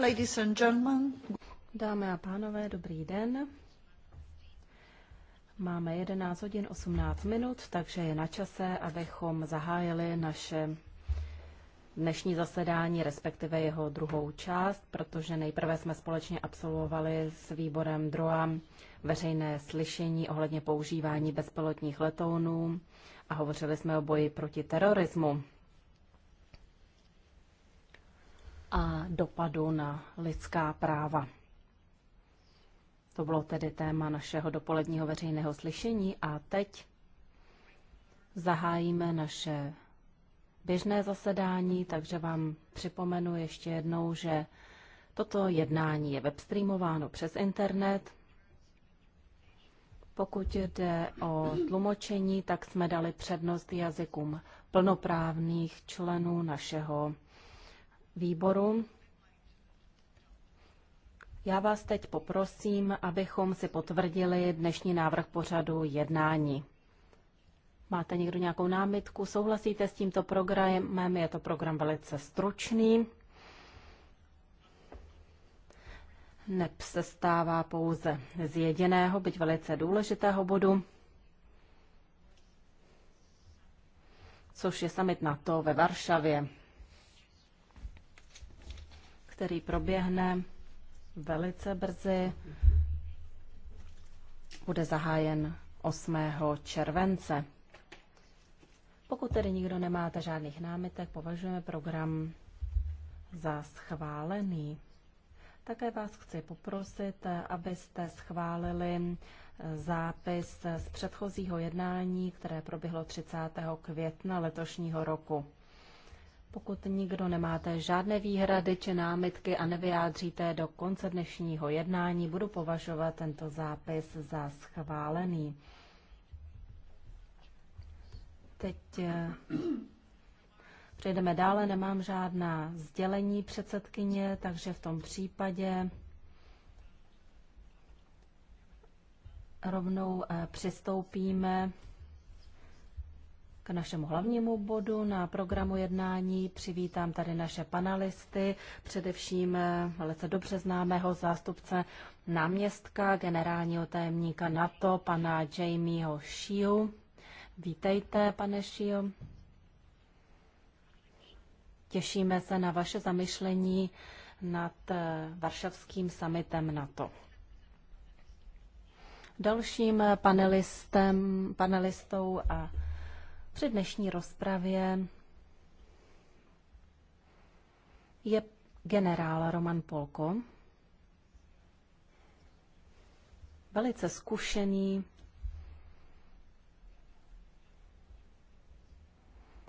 Ladies and gentlemen. Dámy a pánové, dobrý den. Máme 11 hodin 18 minut, takže je na čase, abychom zahájili naše dnešní zasedání, respektive jeho druhou část, protože nejprve jsme společně absolvovali s výborem DROA veřejné slyšení ohledně používání bezpilotních letounů a hovořili jsme o boji proti terorismu. a dopadu na lidská práva. To bylo tedy téma našeho dopoledního veřejného slyšení a teď zahájíme naše běžné zasedání, takže vám připomenu ještě jednou, že toto jednání je webstreamováno přes internet. Pokud jde o tlumočení, tak jsme dali přednost jazykům plnoprávných členů našeho výboru. Já vás teď poprosím, abychom si potvrdili dnešní návrh pořadu jednání. Máte někdo nějakou námitku? Souhlasíte s tímto programem? Je to program velice stručný. NEP se stává pouze z jediného, byť velice důležitého bodu, což je summit NATO ve Varšavě který proběhne velice brzy. Bude zahájen 8. července. Pokud tedy nikdo nemáte žádných námitek, považujeme program za schválený. Také vás chci poprosit, abyste schválili zápis z předchozího jednání, které proběhlo 30. května letošního roku. Pokud nikdo nemáte žádné výhrady či námitky a nevyjádříte do konce dnešního jednání, budu považovat tento zápis za schválený. Teď eh, přejdeme dále. Nemám žádná sdělení předsedkyně, takže v tom případě rovnou eh, přistoupíme k našemu hlavnímu bodu na programu jednání. Přivítám tady naše panelisty, především eh, velice dobře známého zástupce náměstka generálního tajemníka NATO, pana Jamieho Shiu. Vítejte, pane Shiu. Těšíme se na vaše zamyšlení nad eh, Varšavským summitem NATO. Dalším eh, panelistem, panelistou a při dnešní rozpravě je generál Roman Polko, velice zkušený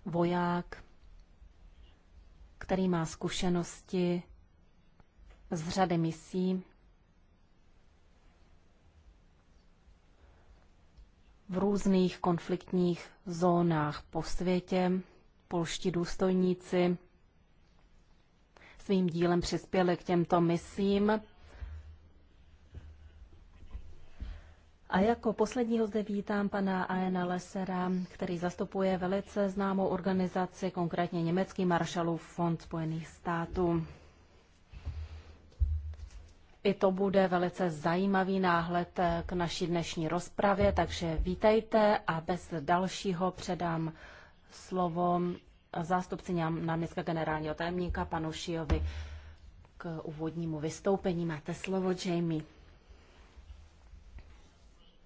voják, který má zkušenosti z řady misí v různých konfliktních zónách po světě. Polští důstojníci svým dílem přispěli k těmto misím. A jako posledního zde vítám pana Aena Lesera, který zastupuje velice známou organizaci, konkrétně německý maršalův fond Spojených států. I to bude velice zajímavý náhled eh, k naší dnešní rozpravě, takže vítejte a bez dalšího předám slovo zástupci náměstka generálního tajemníka panu Šijovi k úvodnímu vystoupení. Máte slovo, Jamie.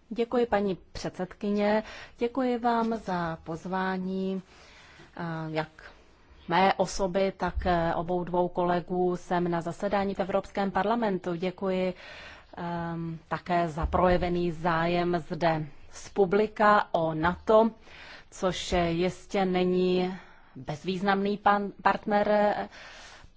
Děkuji, paní předsedkyně. Děkuji vám za pozvání, eh, jak mé osoby, tak eh, obou dvou kolegů jsem na zasedání v Evropském parlamentu. Děkuji um, také za projevený zájem zde z publika o NATO, což jistě není bezvýznamný pan, partner eh,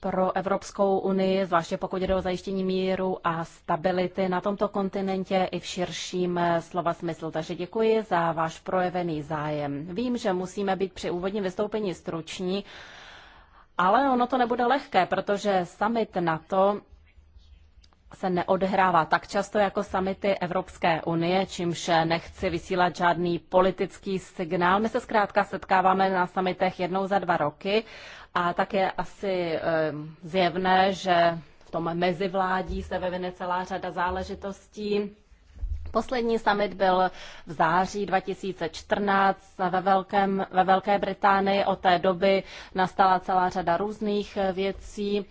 pro Evropskou unii, zvláště pokud jde o zajištění míru a stability na tomto kontinentě i v širším eh, slova smyslu. Takže děkuji za váš projevený zájem. Vím, že musíme být při úvodním vystoupení struční, ale ono to nebude lehké, protože summit NATO se neodhrává tak často jako samity Evropské unie, čímž nechci vysílat žádný politický signál. My se zkrátka setkáváme na samitech jednou za dva roky a tak je asi ehm, zjevné, že v tom mezivládí se vyvine celá řada záležitostí Poslední summit byl v září 2014 ve, Velkém, ve Velké Británii. Od té doby nastala celá řada různých eh, věcí.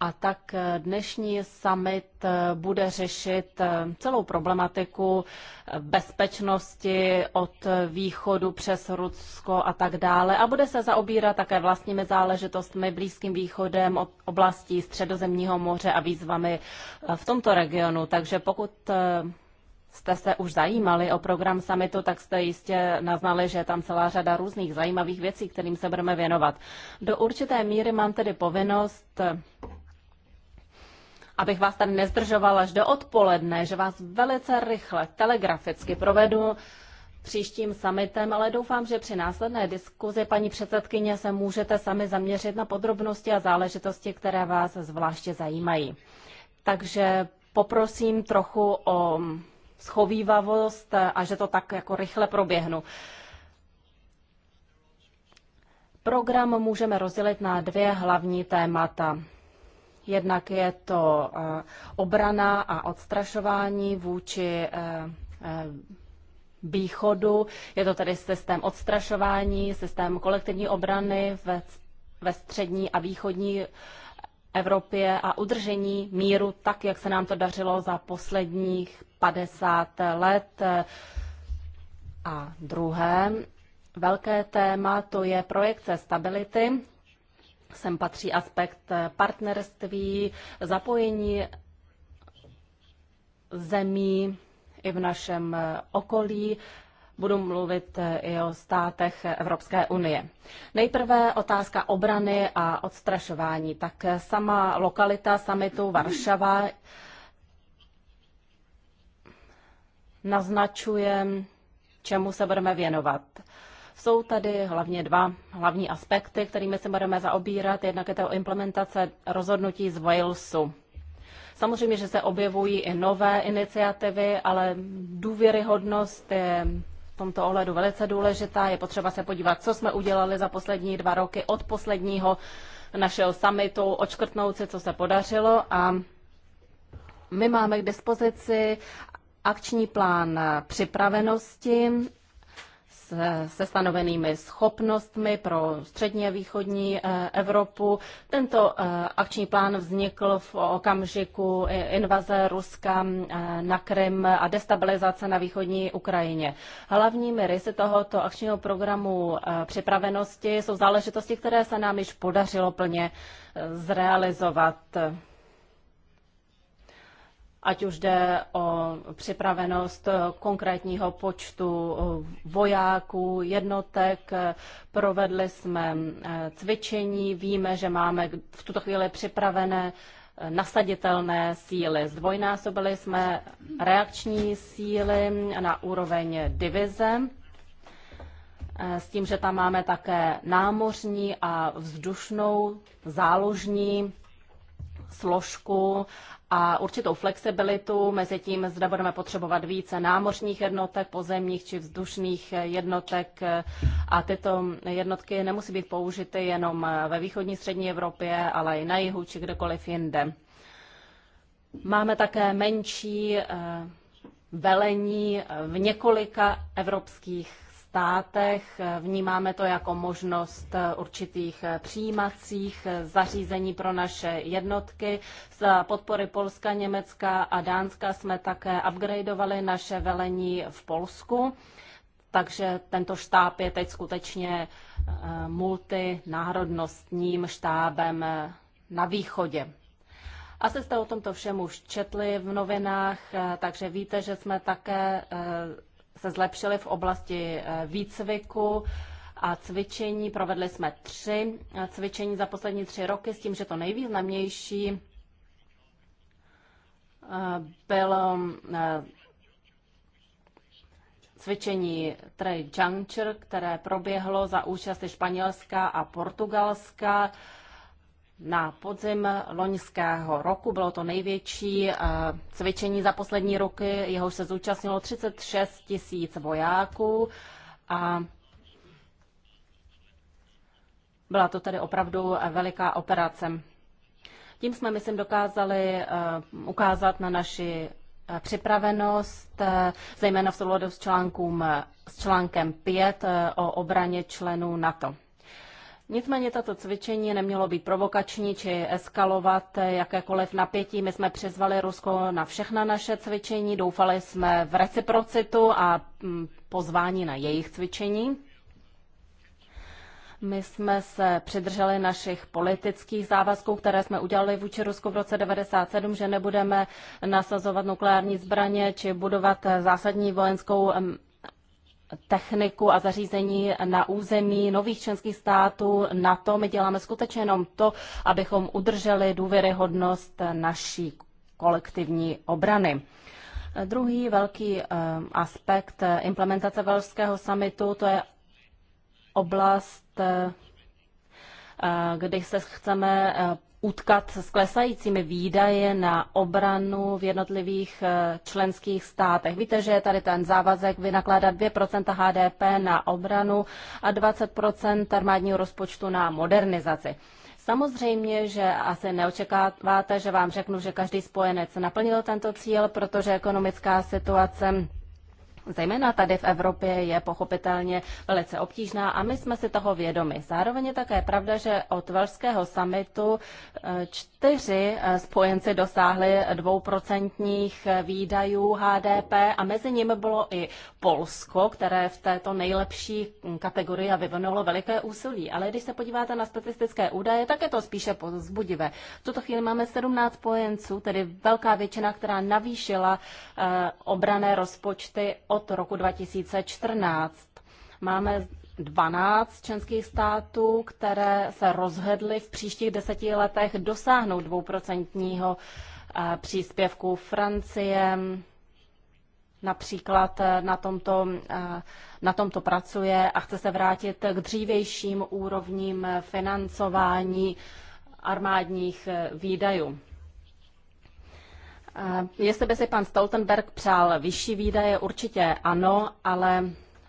A tak eh, dnešní summit eh, bude řešit celou problematiku bezpečnosti od východu přes Rusko a tak dále. A bude se zaobírat také vlastními záležitostmi Blízkým východem, oblastí Středozemního moře a výzvami v tomto regionu. Takže pokud jste se už zajímali o program summitu, tak jste jistě naznali, že je tam celá řada různých zajímavých věcí, kterým se budeme věnovat. Do určité míry mám tedy povinnost abych vás tady nezdržoval až do odpoledne, že vás velice rychle, telegraficky provedu příštím summitem, ale doufám, že při následné diskuzi, paní předsedkyně, se můžete sami zaměřit na podrobnosti a záležitosti, které vás zvláště zajímají. Takže poprosím trochu o schovývavost eh, a že to tak jako rychle proběhnu. Program můžeme rozdělit na dvě hlavní témata. Jednak je to eh, obrana a odstrašování vůči eh, východu. Je to tedy systém odstrašování, systém kolektivní obrany ve, ve střední a východní Evropě a udržení míru tak, jak se nám to dařilo za posledních 50 let. A druhé velké téma to je projekce stability. Sem patří aspekt partnerství, zapojení zemí i v našem okolí budu mluvit eh, i o státech Evropské unie. Nejprve otázka obrany a odstrašování. Tak eh, sama lokalita samitu Varšava naznačuje, čemu se budeme věnovat. Jsou tady hlavně dva hlavní aspekty, kterými se budeme zaobírat. Jednak je to implementace rozhodnutí z Walesu. Samozřejmě, že se objevují i nové iniciativy, ale důvěryhodnost je tomto ohledu velice důležitá. Je potřeba se podívat, co jsme udělali za poslední dva roky od posledního našeho summitu, očkrtnout si, co se podařilo a my máme k dispozici akční plán připravenosti se stanovenými schopnostmi pro střední a východní eh, Evropu. Tento eh, akční plán vznikl v okamžiku invaze Ruska eh, na Krym a destabilizace na východní Ukrajině. Hlavními rysy tohoto akčního programu připravenosti jsou záležitosti, které se nám již podařilo plně zrealizovat ať už jde o připravenost konkrétního počtu vojáků, jednotek. Provedli jsme eh, cvičení, víme, že máme v tuto chvíli připravené eh, nasaditelné síly. Zdvojnásobili jsme reakční síly na úroveň divize eh, s tím, že tam máme také námořní a vzdušnou záložní složku a určitou flexibilitu. Mezi tím zde budeme potřebovat více námořních jednotek, pozemních či vzdušných jednotek a tyto jednotky nemusí být použity jenom ve východní střední Evropě, ale i na jihu či kdekoliv jinde. Máme také menší eh, velení v několika evropských státech. Vnímáme to jako možnost určitých přijímacích zařízení pro naše jednotky. Z podpory Polska, Německa a Dánska jsme také upgradeovali naše velení v Polsku. Takže tento štáb je teď skutečně eh, multinárodnostním štábem eh, na východě. Asi jste o tomto všem už četli v novinách, eh, takže víte, že jsme také se zlepšili v oblasti eh, výcviku a cvičení. Provedli jsme tři eh, cvičení za poslední tři roky s tím, že to nejvýznamnější eh, bylo cvičení Trade Juncture, které proběhlo za účasti Španělska a Portugalska na podzim loňského roku. Bylo to největší eh, cvičení za poslední roky, jehož se zúčastnilo 36 tisíc vojáků a byla to tedy opravdu veliká operace. Tím jsme, myslím, dokázali eh, ukázat na naši eh, připravenost, zejména v souladu s, článkům, s článkem 5 o obraně členů NATO. Nicméně tato cvičení nemělo být provokační či eskalovat jakékoliv napětí. My jsme přizvali Rusko na všechna naše cvičení, doufali jsme v reciprocitu a mm, pozvání na jejich cvičení. My jsme se přidrželi našich politických závazků, které jsme udělali vůči Rusku v roce 1997, že nebudeme nasazovat nukleární zbraně či budovat zásadní vojenskou mm, techniku a zařízení na území nových členských států. Na to my děláme skutečně jenom to, abychom udrželi důvěryhodnost naší kolektivní obrany. Druhý velký eh, aspekt eh, implementace Velského samitu, to je oblast, eh, kdy se chceme utkat s klesajícími výdaje na obranu v jednotlivých eh, členských státech. Víte, že je tady ten závazek vynakládat 2% HDP na obranu a 20% armádního rozpočtu na modernizaci. Samozřejmě, že asi neočekáváte, že vám řeknu, že každý spojenec naplnil tento cíl, protože ekonomická situace zejména tady v Evropě, je pochopitelně velice obtížná a my jsme si toho vědomi. Zároveň je také pravda, že od velského summitu eh, čtyři eh, spojenci dosáhli dvouprocentních výdajů HDP a mezi nimi bylo i Polsko, které v této nejlepší kategorii vyvinulo veliké úsilí. Ale když se podíváte na statistické údaje, tak je to spíše pozbudivé. V tuto chvíli máme 17 spojenců, tedy velká většina, která navýšila eh, obrané rozpočty o od roku 2014. Máme 12 členských států, které se rozhodly v příštích deseti letech dosáhnout dvouprocentního eh, příspěvku Francie. Například eh, na tomto, eh, na tomto pracuje a chce se vrátit k dřívějším úrovním financování armádních výdajů. Eh, jestli by si pan Stoltenberg přál vyšší výdaje, určitě ano, ale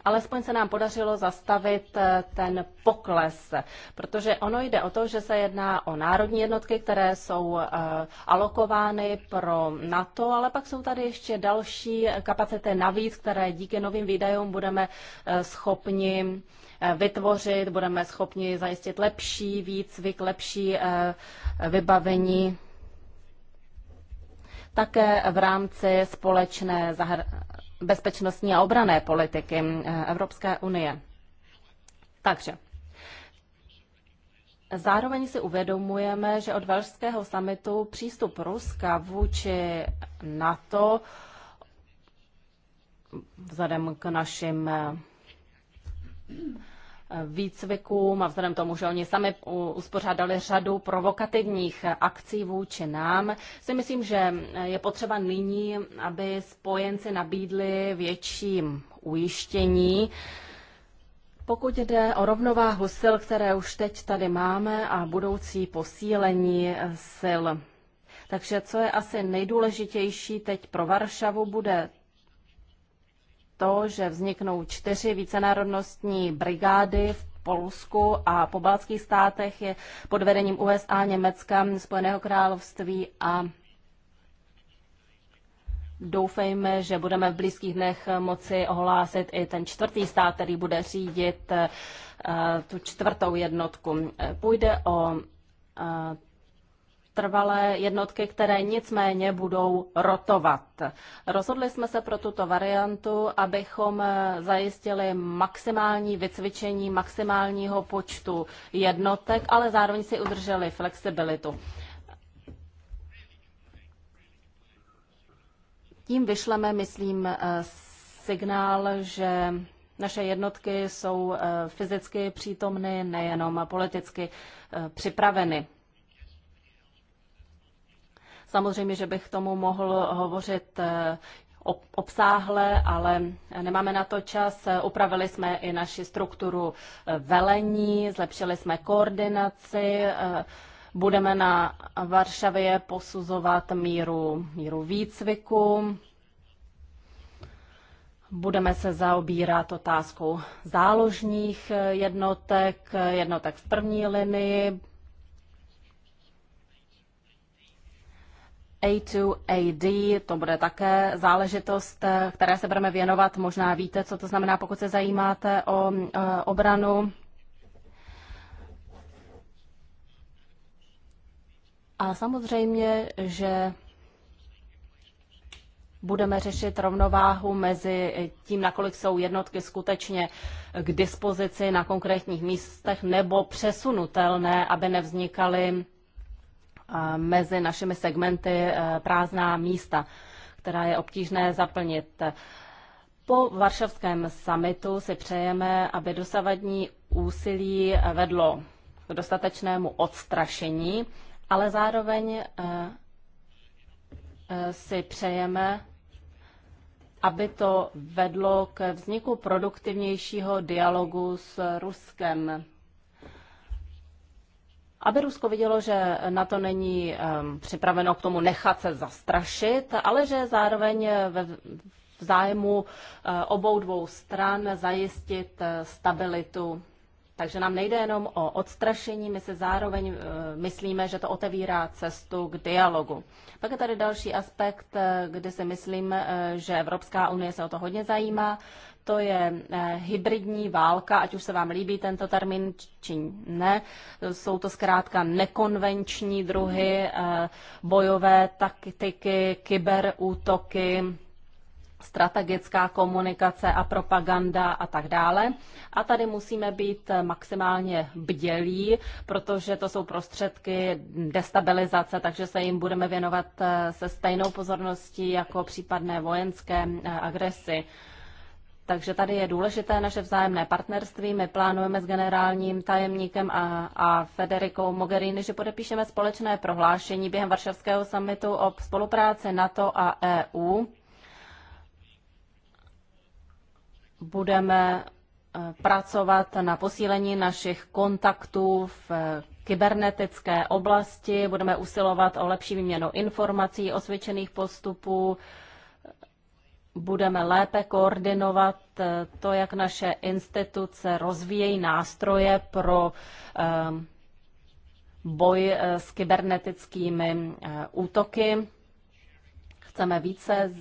alespoň se nám podařilo zastavit eh, ten pokles, protože ono jde o to, že se jedná o národní jednotky, které jsou eh, alokovány pro NATO, ale pak jsou tady ještě další kapacity navíc, které díky novým výdajům budeme schopni vytvořit, budeme schopni zajistit lepší výcvik, lepší vybavení také v rámci společné bezpečnostní a obrané politiky eh, Evropské unie. Takže Zároveň si uvědomujeme, že od velšského samitu přístup Ruska vůči NATO vzhledem k našim eh, výcvikům a vzhledem tomu, že oni sami uspořádali řadu provokativních akcí vůči nám, si myslím, že je potřeba nyní, aby spojenci nabídli větší ujištění. Pokud jde o rovnováhu sil, které už teď tady máme a budoucí posílení sil. Takže co je asi nejdůležitější teď pro Varšavu, bude to, že vzniknou čtyři vícenárodnostní brigády v Polsku a po baltských státech je pod vedením USA, Německa, Spojeného království a Doufejme, že budeme v blízkých dnech moci ohlásit i ten čtvrtý stát, který bude řídit eh, tu čtvrtou jednotku. Půjde o eh, trvalé jednotky, které nicméně budou rotovat. Rozhodli jsme se pro tuto variantu, abychom zajistili maximální vycvičení maximálního počtu jednotek, ale zároveň si udrželi flexibilitu. Tím vyšleme, myslím, signál, že naše jednotky jsou eh, fyzicky přítomny, nejenom politicky eh, připraveny. Samozřejmě, že bych tomu mohl hovořit eh, obsáhle, ale nemáme na to čas. Upravili jsme i naši strukturu eh, velení, zlepšili jsme koordinaci, eh, budeme na Varšavě posuzovat míru, míru výcviku, budeme se zaobírat otázkou záložních jednotek, jednotek v první linii, A2AD, to bude také záležitost, které se budeme věnovat. Možná víte, co to znamená, pokud se zajímáte o e, obranu. A samozřejmě, že budeme řešit rovnováhu mezi tím, nakolik jsou jednotky skutečně k dispozici na konkrétních místech nebo přesunutelné, aby nevznikaly mezi našimi segmenty eh, prázdná místa, která je obtížné zaplnit. Po varšavském summitu si přejeme, aby dosavadní úsilí vedlo k dostatečnému odstrašení, ale zároveň eh, eh, si přejeme, aby to vedlo k vzniku produktivnějšího dialogu s Ruskem aby Rusko vidělo, že na to není připraveno k tomu nechat se zastrašit, ale že zároveň ve, v zájmu eh, obou dvou stran zajistit eh, stabilitu. Takže nám nejde jenom o odstrašení, my se zároveň eh, myslíme, že to otevírá cestu k dialogu. Pak je tady další aspekt, kdy si myslím, že Evropská unie se o to hodně zajímá to je eh, hybridní válka, ať už se vám líbí tento termín či ne. Jsou to zkrátka nekonvenční druhy eh, bojové taktiky, kyberútoky, strategická komunikace a propaganda a tak dále. A tady musíme být eh, maximálně bdělí, protože to jsou prostředky destabilizace, takže se jim budeme věnovat se stejnou pozorností jako případné vojenské agresi. Takže tady je důležité naše vzájemné partnerství. My plánujeme s generálním tajemníkem a, a Federikou Mogherini, že podepíšeme společné prohlášení během Varšavského samitu o spolupráci NATO a EU. Budeme eh, pracovat na posílení našich kontaktů v eh, kybernetické oblasti, budeme usilovat o lepší výměnu informací, osvědčených postupů, budeme lépe koordinovat eh, to, jak naše instituce rozvíjejí nástroje pro eh, boj eh, s kybernetickými útoky. Chceme více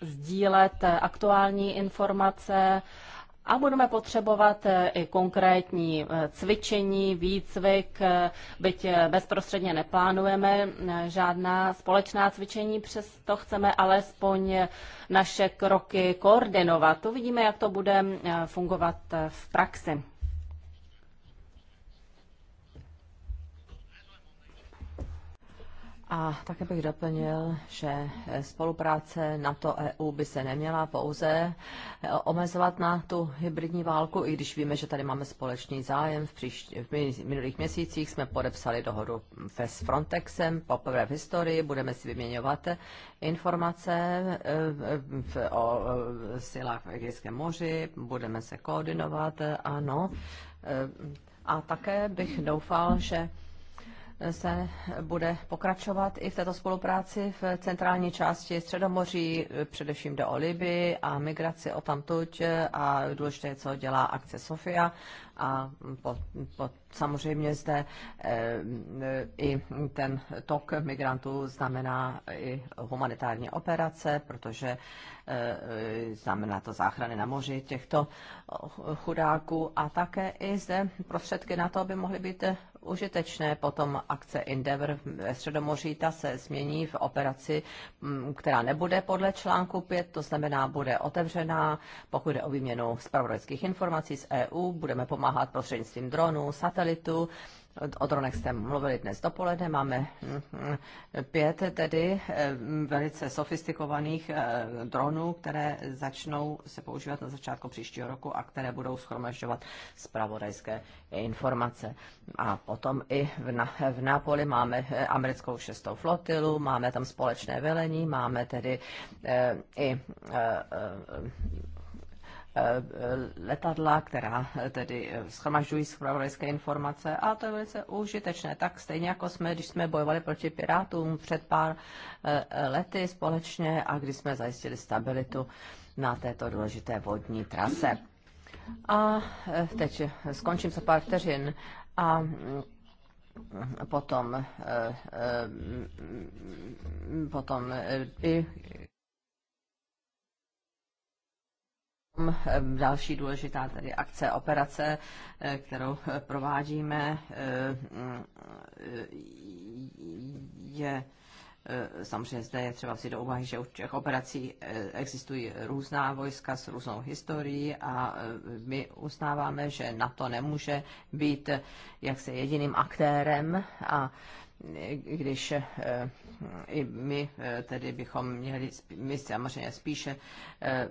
sdílet aktuální informace a budeme potřebovat eh, i konkrétní eh, cvičení, výcvik, eh, byť bezprostředně neplánujeme žádná společná cvičení, přesto chceme alespoň naše kroky koordinovat. Uvidíme, jak to bude fungovat v praxi. A také bych doplnil, že spolupráce NATO-EU by se neměla pouze eh, omezovat na tu hybridní válku, i když víme, že tady máme společný zájem. V, příští, v minulých měsících jsme podepsali dohodu s Frontexem, poprvé v historii, budeme si vyměňovat informace eh, o eh, silách v Egejském moři, budeme se koordinovat, ano. A také bych doufal, že se bude pokračovat i v této spolupráci v centrální části Středomoří, především jde o Liby a migraci o tamtuť a důležité je, co dělá akce Sofia a po, po, samozřejmě zde e, i ten tok migrantů znamená i humanitární operace, protože e, znamená to záchrany na moři těchto chudáků a také i zde prostředky na to, aby mohly být užitečné. Potom akce Endeavour ve Středomoří, ta se změní v operaci, mm, která nebude podle článku 5, to znamená, bude otevřená, pokud jde o výměnu zpravodajských informací z EU, budeme pomáhat prostřednictvím dronů, satelitu, O dronech jste mluvili dnes dopoledne, máme hm, pět tedy hm, velice sofistikovaných eh, dronů, které začnou se používat na začátku příštího roku a které budou schromažďovat zpravodajské informace. A potom i v, na, v Nápoli máme eh, americkou šestou flotilu, máme tam společné velení, máme tedy eh, i letadla, která tedy eh, schromažďují zpravodajské informace a to je velice užitečné. Tak stejně jako jsme, když jsme bojovali proti pirátům před pár eh, lety společně a když jsme zajistili stabilitu na této důležité vodní trase. A eh, teď skončím za pár vteřin a mm, potom, mm, potom i Eh, další důležitá tedy akce, operace, eh, kterou eh, provádíme, je Samozřejmě zde je třeba si do úvahy, že u těch operací existují různá vojska s různou historií a my uznáváme, že NATO nemůže být jaksi jediným aktérem a když eh, i my eh, tedy bychom měli, my samozřejmě spíše eh,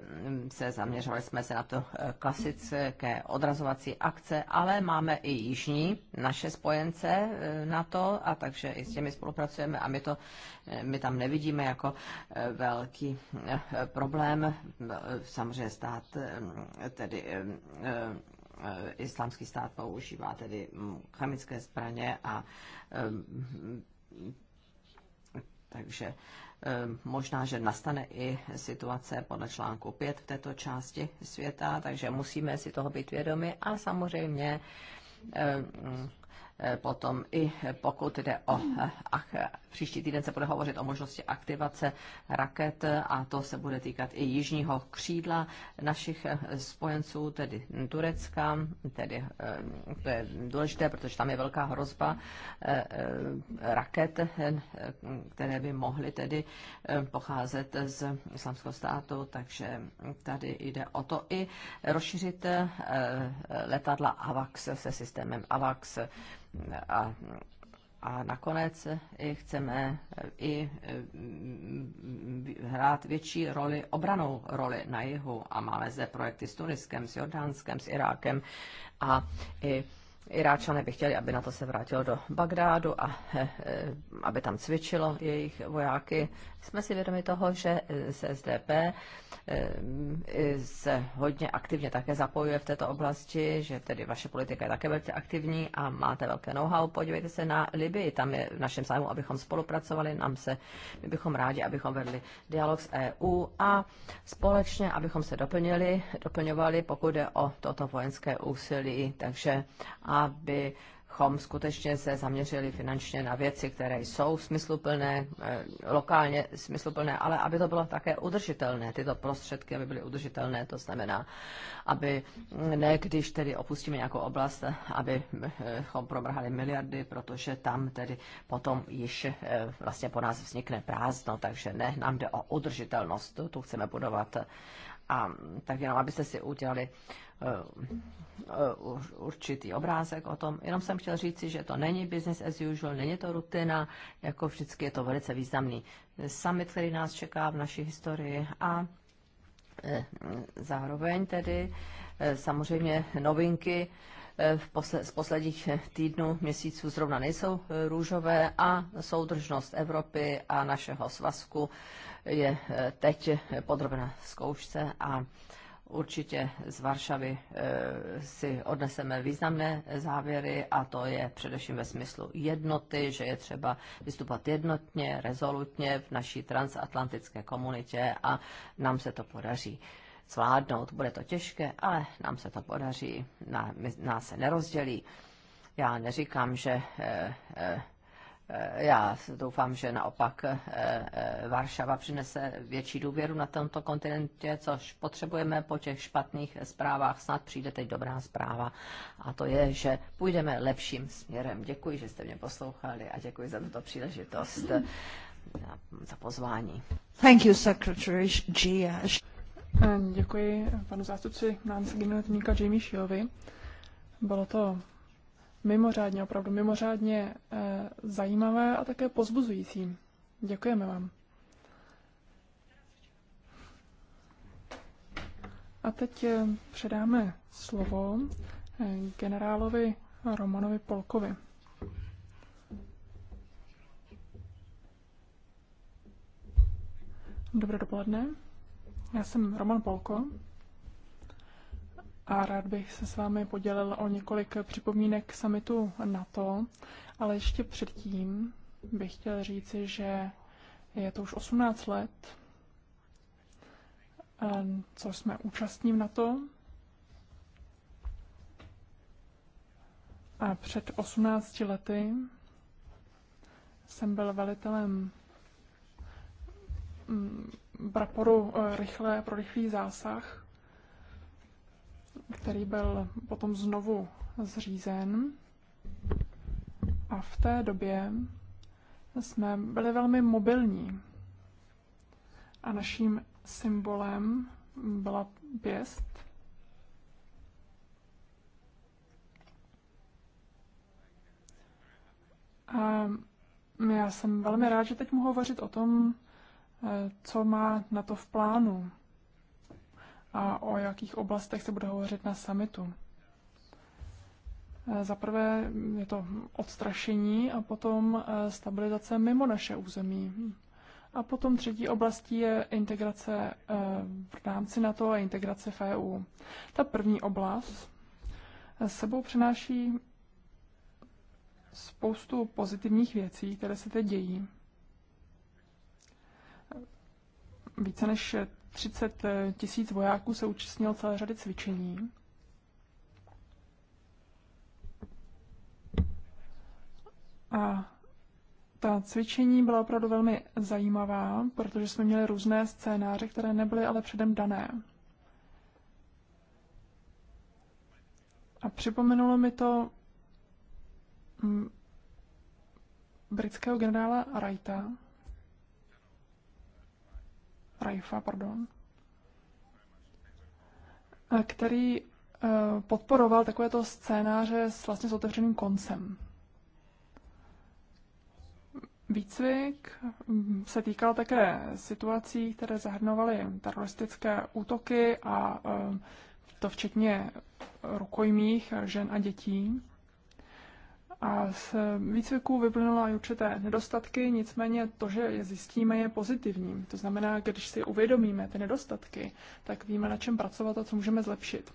se zaměřovali jsme se na to klasické odrazovací akce, ale máme i jižní naše spojence na to a takže i s těmi spolupracujeme a my to my tam nevidíme jako velký problém. Samozřejmě stát tedy Eh, islámský stát používá tedy mm, chemické zbraně a eh, takže eh, možná, že nastane i situace podle článku 5 v této části světa, takže musíme si toho být vědomi a samozřejmě Eh, potom i eh, pokud jde o, eh, ach, příští týden se bude hovořit o možnosti aktivace raket a to se bude týkat i jižního křídla našich spojenců, tedy Turecka, tedy to je důležité, protože tam je velká hrozba raket, které by mohly tedy pocházet z islamského státu, takže tady jde o to i rozšířit letadla AVAX se systémem AVAX, a, a nakonec i chceme i mm, hrát větší roli, obranou roli na jihu a máme zde projekty s Tuniskem, s Jordánskem, s Irákem a i Iráčané by chtěli, aby na to se vrátilo do Bagdádu a eh, eh, aby tam cvičilo jejich vojáky jsme si vědomi toho, že eh, se SDP eh, eh, se hodně aktivně také zapojuje v této oblasti, že tedy vaše politika je také velice aktivní a máte velké know-how. Podívejte se na Libii, tam je v našem zájmu, abychom spolupracovali, nám se, my bychom rádi, abychom vedli dialog s EU a společně, abychom se doplnili, doplňovali, pokud jde o toto vojenské úsilí, takže aby abychom skutečně se zaměřili finančně na věci, které jsou smysluplné, eh, lokálně smysluplné, ale aby to bylo také udržitelné, tyto prostředky, aby byly udržitelné, to znamená, aby mm, ne, když tedy opustíme nějakou oblast, abychom eh, promrhali miliardy, protože tam tedy potom již eh, vlastně po nás vznikne prázdno, takže ne, nám jde o udržitelnost, tu chceme budovat a tak jenom abyste si udělali uh, uh, určitý obrázek o tom. Jenom jsem chtěl říci, že to není business as usual, není to rutina, jako vždycky je to velice významný summit, který nás čeká v naší historii a eh, zároveň tedy samozřejmě novinky v posle, z posledních týdnů, měsíců zrovna nejsou růžové a soudržnost Evropy a našeho svazku je eh, teď podrobena zkoušce a určitě z Varšavy eh, si odneseme významné závěry a to je především ve smyslu jednoty, že je třeba vystupovat jednotně, rezolutně v naší transatlantické komunitě a nám se to podaří zvládnout. Bude to těžké, ale nám se to podaří, nás se nerozdělí. Já neříkám, že eh, Eh, já doufám, že naopak eh, eh, Varšava přinese větší důvěru na tomto kontinentě, což potřebujeme po těch špatných zprávách. Snad přijde teď dobrá zpráva a to je, že půjdeme lepším směrem. Děkuji, že jste mě poslouchali a děkuji za tuto příležitost za pozvání. Thank you, Secretary Gia. Děkuji panu zástupci námství Jamie Shiovi. Bylo to mimořádně, opravdu mimořádně eh, zajímavé a také pozbuzující. Děkujeme vám. A teď eh, předáme slovo eh, generálovi Romanovi Polkovi. Dobré dopoledne. Já jsem Roman Polko a rád bych se s vámi podělil o několik připomínek samitu NATO, ale ještě předtím bych chtěl říci, že je to už 18 let, eh, co jsme účastní v NATO. A před 18 lety jsem byl velitelem mm, praporu eh, rychlé, pro rychlý zásah který byl potom znovu zřízen. A v té době jsme byli velmi mobilní. A naším symbolem byla pěst. A já jsem velmi rád, že teď mohu hovořit o tom, eh, co má na to v plánu a o jakých oblastech se bude hovořit na summitu. Eh, za prvé je to odstrašení a potom eh, stabilizace mimo naše území. A potom třetí oblastí je integrace eh, v rámci NATO a integrace v EU. Ta první oblast sebou přináší spoustu pozitivních věcí, které se teď dějí. Více než 30 eh, tisíc vojáků se účastnilo celé řady cvičení. A ta cvičení byla opravdu velmi zajímavá, protože jsme měli různé scénáře, které nebyly ale předem dané. A připomenulo mi to mm, britského generála Wrighta, Raifa, pardon, eh, který eh, podporoval takovéto scénáře s, vlastně s otevřeným koncem. Výcvik hm, se týkal také situací, které zahrnovaly teroristické útoky a eh, to včetně rukojmích žen a dětí. A z výcviku vyplynula i určité nedostatky, nicméně to, že je zjistíme, je pozitivní. To znamená, když si uvědomíme ty nedostatky, tak víme, na čem pracovat a co můžeme zlepšit.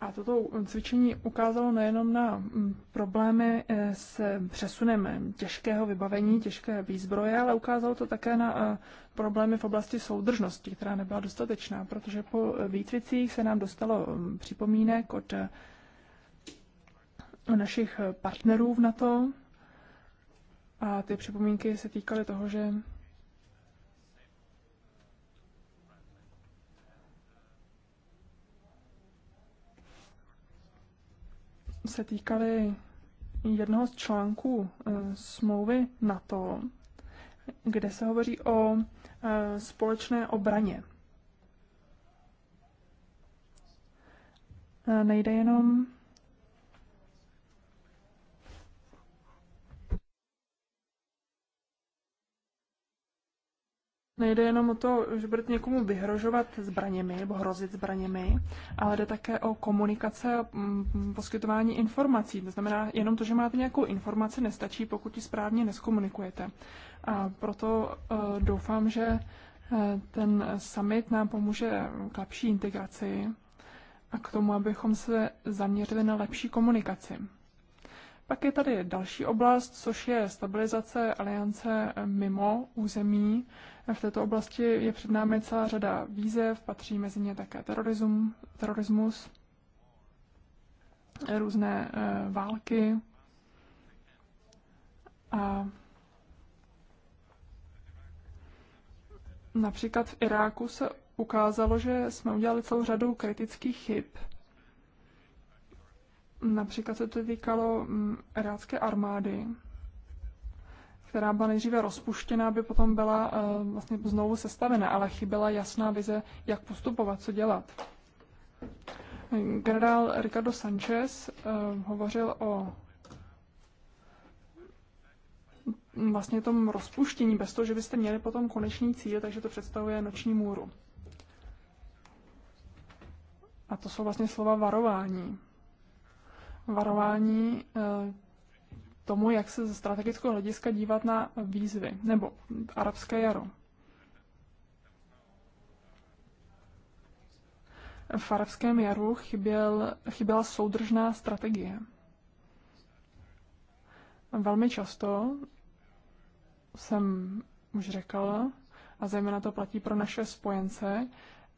A toto cvičení ukázalo nejenom na mm, problémy e, s přesunem těžkého vybavení, těžké výzbroje, ale ukázalo to také na e, problémy v oblasti soudržnosti, která nebyla dostatečná, protože po výcvicích se nám dostalo mm, připomínek od našich eh, partnerů v NATO. A ty připomínky se týkaly toho, že se týkaly jednoho z článků e, smlouvy NATO, kde se hovoří o e, společné obraně. E, nejde jenom Nejde jenom o to, že budete někomu vyhrožovat zbraněmi nebo hrozit zbraněmi, ale jde také o komunikace a mm, mm, poskytování informací. To znamená, jenom to, že máte nějakou informaci, nestačí, pokud ji správně neskomunikujete. A proto uh, doufám, že uh, ten summit nám pomůže k lepší integraci a k tomu, abychom se zaměřili na lepší komunikaci. Pak je tady další oblast, což je stabilizace aliance mimo území. V této oblasti je před námi celá řada výzev, patří mezi ně také terorism, terorismus, různé eh, války a Například v Iráku se ukázalo, že jsme udělali celou řadu kritických chyb Například se to týkalo mm, irácké armády, která byla nejdříve rozpuštěna, aby potom byla eh, vlastně znovu sestavena, ale chyběla jasná vize, jak postupovat, co dělat. Generál Ricardo Sanchez eh, hovořil o vlastně tom rozpuštění, bez toho, že byste měli potom konečný cíl, takže to představuje noční můru. A to jsou vlastně slova varování varování eh, tomu, jak se ze strategického hlediska dívat na výzvy, nebo arabské jaro. V arabském jaru chyběl, chyběla soudržná strategie. Velmi často jsem už řekla, a zejména to platí pro naše spojence,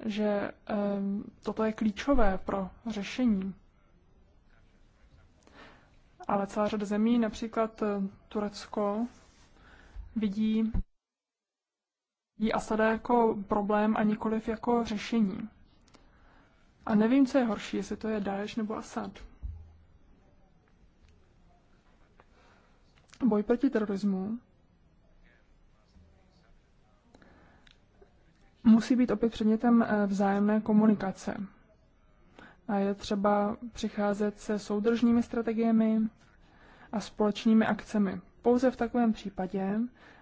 že eh, toto je klíčové pro řešení ale celá řada zemí, například eh, Turecko, vidí, vidí Asada jako problém a nikoliv jako řešení. A nevím, co je horší, jestli to je Daesh nebo Asad. Boj proti terorismu musí být opět předmětem eh, vzájemné komunikace. A je třeba přicházet se soudržnými strategiemi a společnými akcemi. Pouze v takovém případě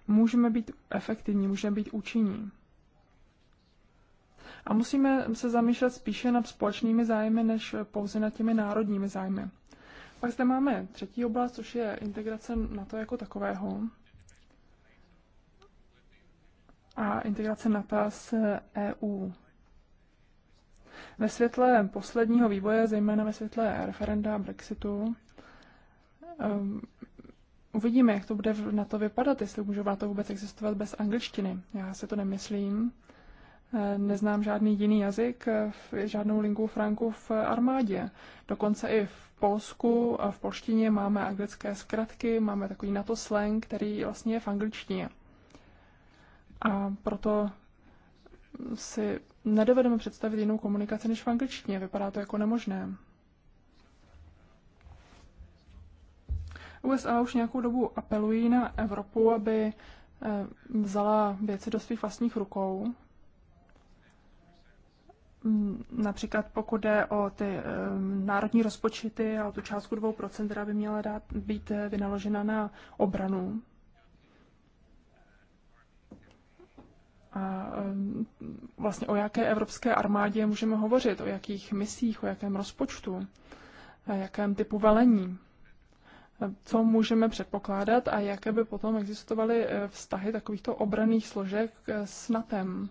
můžeme být efektivní, můžeme být účinní. A musíme se zamýšlet spíše nad společnými zájmy, než pouze nad těmi národními zájmy. Pak zde máme třetí oblast, což je integrace na to jako takového. A integrace NATO s EU. Ve světle posledního vývoje, zejména ve světle referenda a Brexitu, um, uvidíme, jak to bude na to vypadat, jestli může to vůbec existovat bez angličtiny. Já si to nemyslím. Eh, neznám žádný jiný jazyk, žádnou linku franku v armádě. Dokonce i v Polsku a v polštině máme anglické zkratky, máme takový NATO slang, který vlastně je v angličtině. A proto si nedovedeme představit jinou komunikaci než v angličtině. Vypadá to jako nemožné. USA už nějakou dobu apelují na Evropu, aby eh, vzala věci do svých vlastních rukou. Mm, například pokud jde o ty eh, národní rozpočty a o tu částku 2%, která by měla dát, být eh, vynaložena na obranu, A vlastně o jaké evropské armádě můžeme hovořit, o jakých misích, o jakém rozpočtu, o jakém typu velení, co můžeme předpokládat a jaké by potom existovaly e, vztahy takovýchto obraných složek e, s NATEM.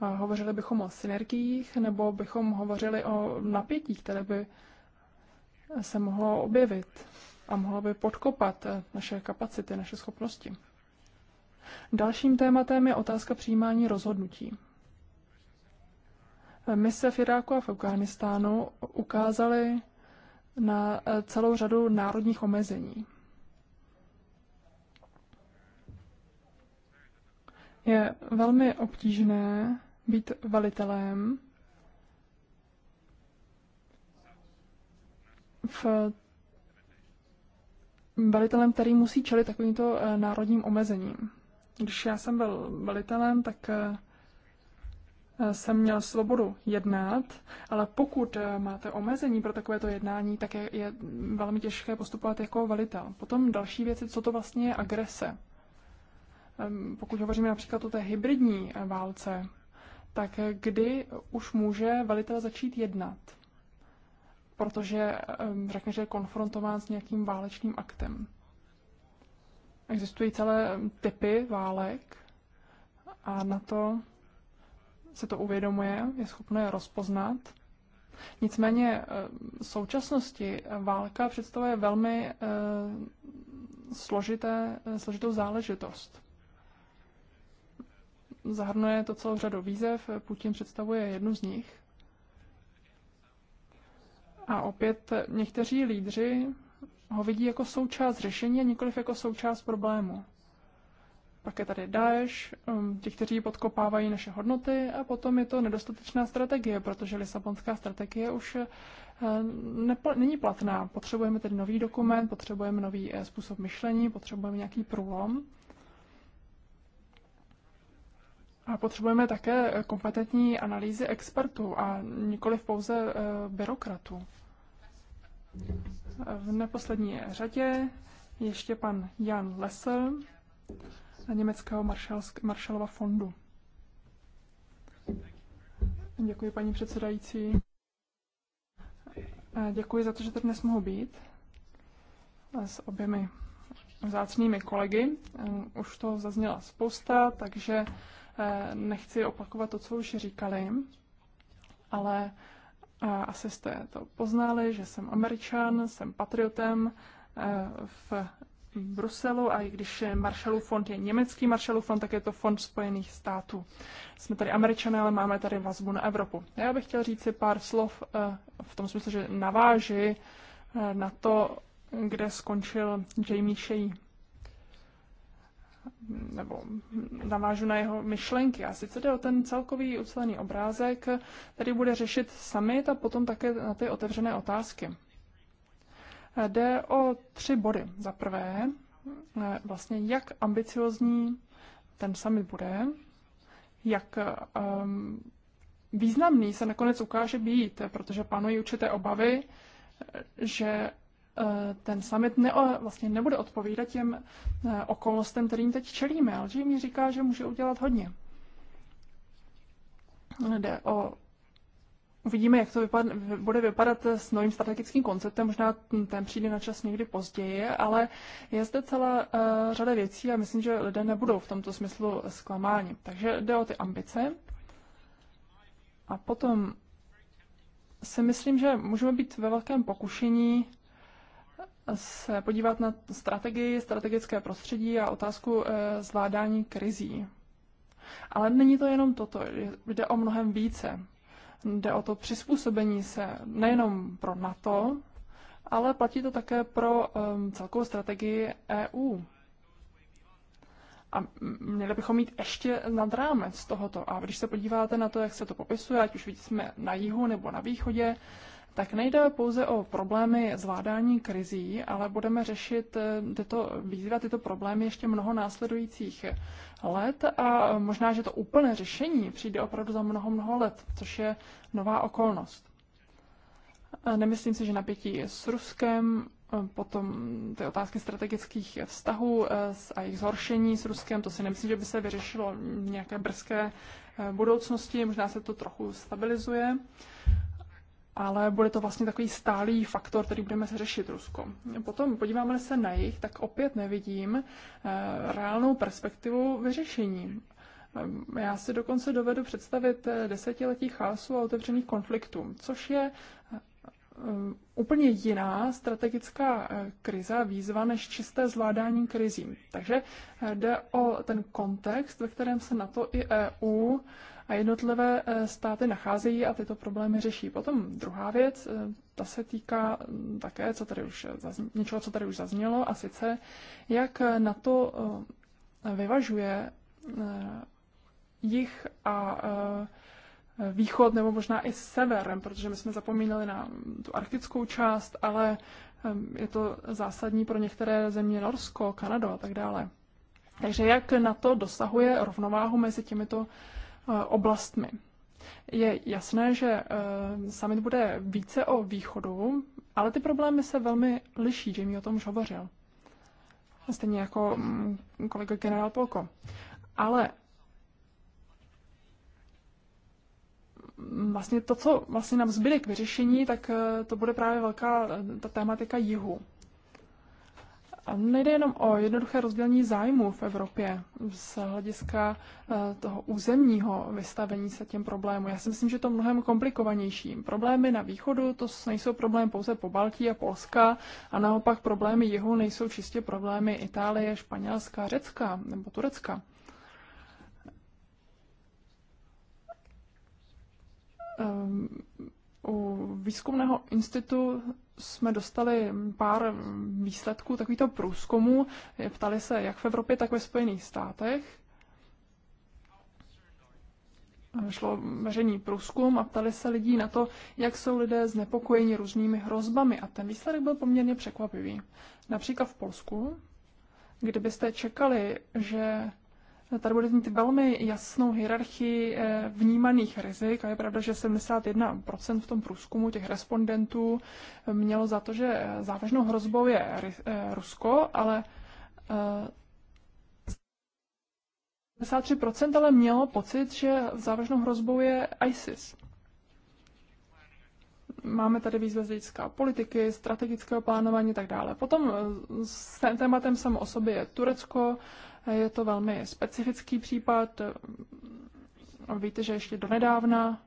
Hovořili bychom o synergiích nebo bychom hovořili o napětí, které by se mohlo objevit a mohlo by podkopat e, naše kapacity, naše schopnosti. Dalším tématem je otázka přijímání rozhodnutí. Mise v Iráku a v Afghánistánu ukázaly na eh, celou řadu národních omezení. Je velmi obtížné být valitelem v velitelem, který musí čelit takovýmto eh, národním omezením. Když já jsem byl velitelem, tak eh, jsem měl svobodu jednat, ale pokud eh, máte omezení pro takovéto jednání, tak je, je velmi těžké postupovat jako velitel. Potom další věci, co to vlastně je agrese. Ehm, pokud hovoříme například o té hybridní eh, válce, tak kdy už může velitel začít jednat? Protože ehm, řekne, že je konfrontován s nějakým válečným aktem. Existují celé typy válek a na to se to uvědomuje, je schopné je rozpoznat. Nicméně eh, v současnosti válka představuje velmi eh, složité, eh, složitou záležitost. Zahrnuje to celou řadu výzev, Putin představuje jednu z nich. A opět někteří lídři ho vidí jako součást řešení a nikoliv jako součást problému. Pak je tady Daesh, um, ti, kteří podkopávají naše hodnoty a potom je to nedostatečná strategie, protože Lisabonská strategie už eh, není platná. Potřebujeme tedy nový dokument, potřebujeme nový eh, způsob myšlení, potřebujeme nějaký průlom. A potřebujeme také eh, kompetentní analýzy expertů a nikoliv pouze byrokratů v neposlední řadě ještě pan Jan Lesl z Německého maršalova fondu. Děkuji, paní předsedající. Děkuji za to, že tady dnes mohu být s oběmi vzácnými kolegy. Eh, už to zazněla spousta, takže eh, nechci opakovat to, co už říkali, ale asi jste to poznali, že jsem američan, jsem patriotem eh, v Bruselu a i když Marshallův fond je německý Marshallův fond, tak je to fond Spojených států. Jsme tady američané, ale máme tady vazbu na Evropu. Já bych chtěl říct si pár slov eh, v tom smyslu, že naváži eh, na to, kde skončil Jamie Shea nebo navážu na jeho myšlenky. A sice jde o ten celkový ucelený obrázek, který bude řešit summit a potom také na ty otevřené otázky. Jde o tři body. Za prvé, vlastně jak ambiciozní ten summit bude, jak um, významný se nakonec ukáže být, protože panují určité obavy, že Eh, ten summit ne, vlastně nebude odpovídat těm eh, okolnostem, kterým teď čelíme. Alží mi říká, že může udělat hodně. Jde o Uvidíme, jak to vypad, bude vypadat s novým strategickým konceptem. Možná ten přijde na čas někdy později, ale je zde celá uh, řada věcí a myslím, že lidé nebudou v tomto smyslu zklamáni. Takže jde o ty ambice. A potom si myslím, že můžeme být ve velkém pokušení se podívat na strategii, strategické prostředí a otázku eh, zvládání krizí. Ale není to jenom toto, jde o mnohem více. Jde o to přizpůsobení se nejenom pro NATO, ale platí to také pro ehm, celkovou strategii EU. A měli bychom mít ještě nad rámec tohoto. A když se podíváte na to, jak se to popisuje, ať už vidíme na jihu nebo na východě, tak nejde pouze o problémy zvládání krizí, ale budeme řešit eh, tyto výzvy tyto problémy ještě mnoho následujících let a možná, že to úplné řešení přijde opravdu za mnoho, mnoho let, což je nová okolnost. Nemyslím si, že napětí s Ruskem, eh, potom ty otázky strategických vztahů eh, a jejich zhoršení s Ruskem, to si nemyslím, že by se vyřešilo v nějaké brzké budoucnosti, možná se to trochu stabilizuje ale bude to vlastně takový stálý faktor, který budeme se řešit Rusko. Potom podíváme se na jich, tak opět nevidím eh, reálnou perspektivu vyřešení. Eh, já si dokonce dovedu představit eh, desetiletí chaosu a otevřených konfliktů, což je Um, úplně jiná strategická eh, krize, výzva než čisté zvládání krizí. Takže eh, jde o ten kontext, ve kterém se na to i EU a jednotlivé eh, státy nacházejí a tyto problémy řeší. Potom druhá věc, ta se týká mm, také co tady už zazní, něčeho, co tady už zaznělo, a sice jak na to vyvažuje jich a východ nebo možná i severem, protože my jsme zapomínali na tu arktickou část, ale je to zásadní pro některé země Norsko, Kanado a tak dále. Takže jak na to dosahuje rovnováhu mezi těmito eh, oblastmi? Je jasné, že eh, summit bude více o východu, ale ty problémy se velmi liší, mi o tom už hovořil. Stejně jako mm, kolega generál Polko. Ale vlastně to, co vlastně nám zbyde k vyřešení, tak eh, to bude právě velká eh, ta tématika jihu. A nejde jenom o jednoduché rozdělení zájmu v Evropě z hlediska eh, toho územního vystavení se těm problémům. Já si myslím, že to mnohem komplikovanější. Problémy na východu to nejsou problém pouze po Baltí a Polska a naopak problémy jihu nejsou čistě problémy Itálie, Španělska, Řecka nebo Turecka. Ehm, u výzkumného institutu jsme dostali pár výsledků takovýto průzkumu. Ptali se jak v Evropě, tak ve Spojených státech. Ehm, šlo veřejný průzkum a ptali se lidí na to, jak jsou lidé znepokojeni různými hrozbami. A ten výsledek byl poměrně překvapivý. Například v Polsku, kdybyste čekali, že Tady bude mít velmi jasnou hierarchii eh, vnímaných rizik a je pravda, že 71% v tom průzkumu těch respondentů eh, mělo za to, že eh, závažnou hrozbou je Rusko, ale 73% ale mělo pocit, že závažnou hrozbou je ISIS. Máme tady výzvy z hlediska politiky, strategického plánování a tak dále. Potom s tématem samo o sobě je Turecko, je to velmi specifický případ. Víte, že ještě donedávna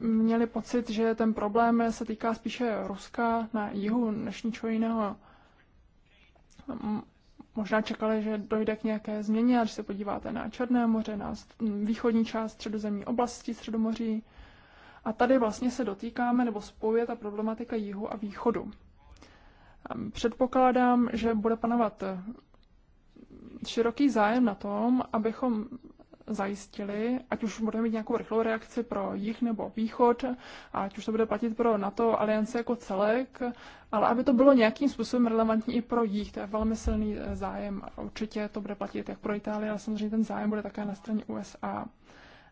měli pocit, že ten problém se týká spíše Ruska na jihu než ničeho jiného. Možná čekali, že dojde k nějaké změně, a když se podíváte na Černé moře, na východní část středozemní oblasti, středomoří. A tady vlastně se dotýkáme nebo spojuje ta problematika jihu a východu. Předpokládám, že bude panovat eh, široký zájem na tom, abychom zajistili, ať už budeme mít nějakou rychlou reakci pro jich nebo východ, a ať už to bude platit pro NATO aliance jako celek, ale aby to bylo nějakým způsobem relevantní i pro jich, to je velmi silný eh, zájem určitě to bude platit jak pro Itálii, ale samozřejmě ten zájem bude také na straně USA.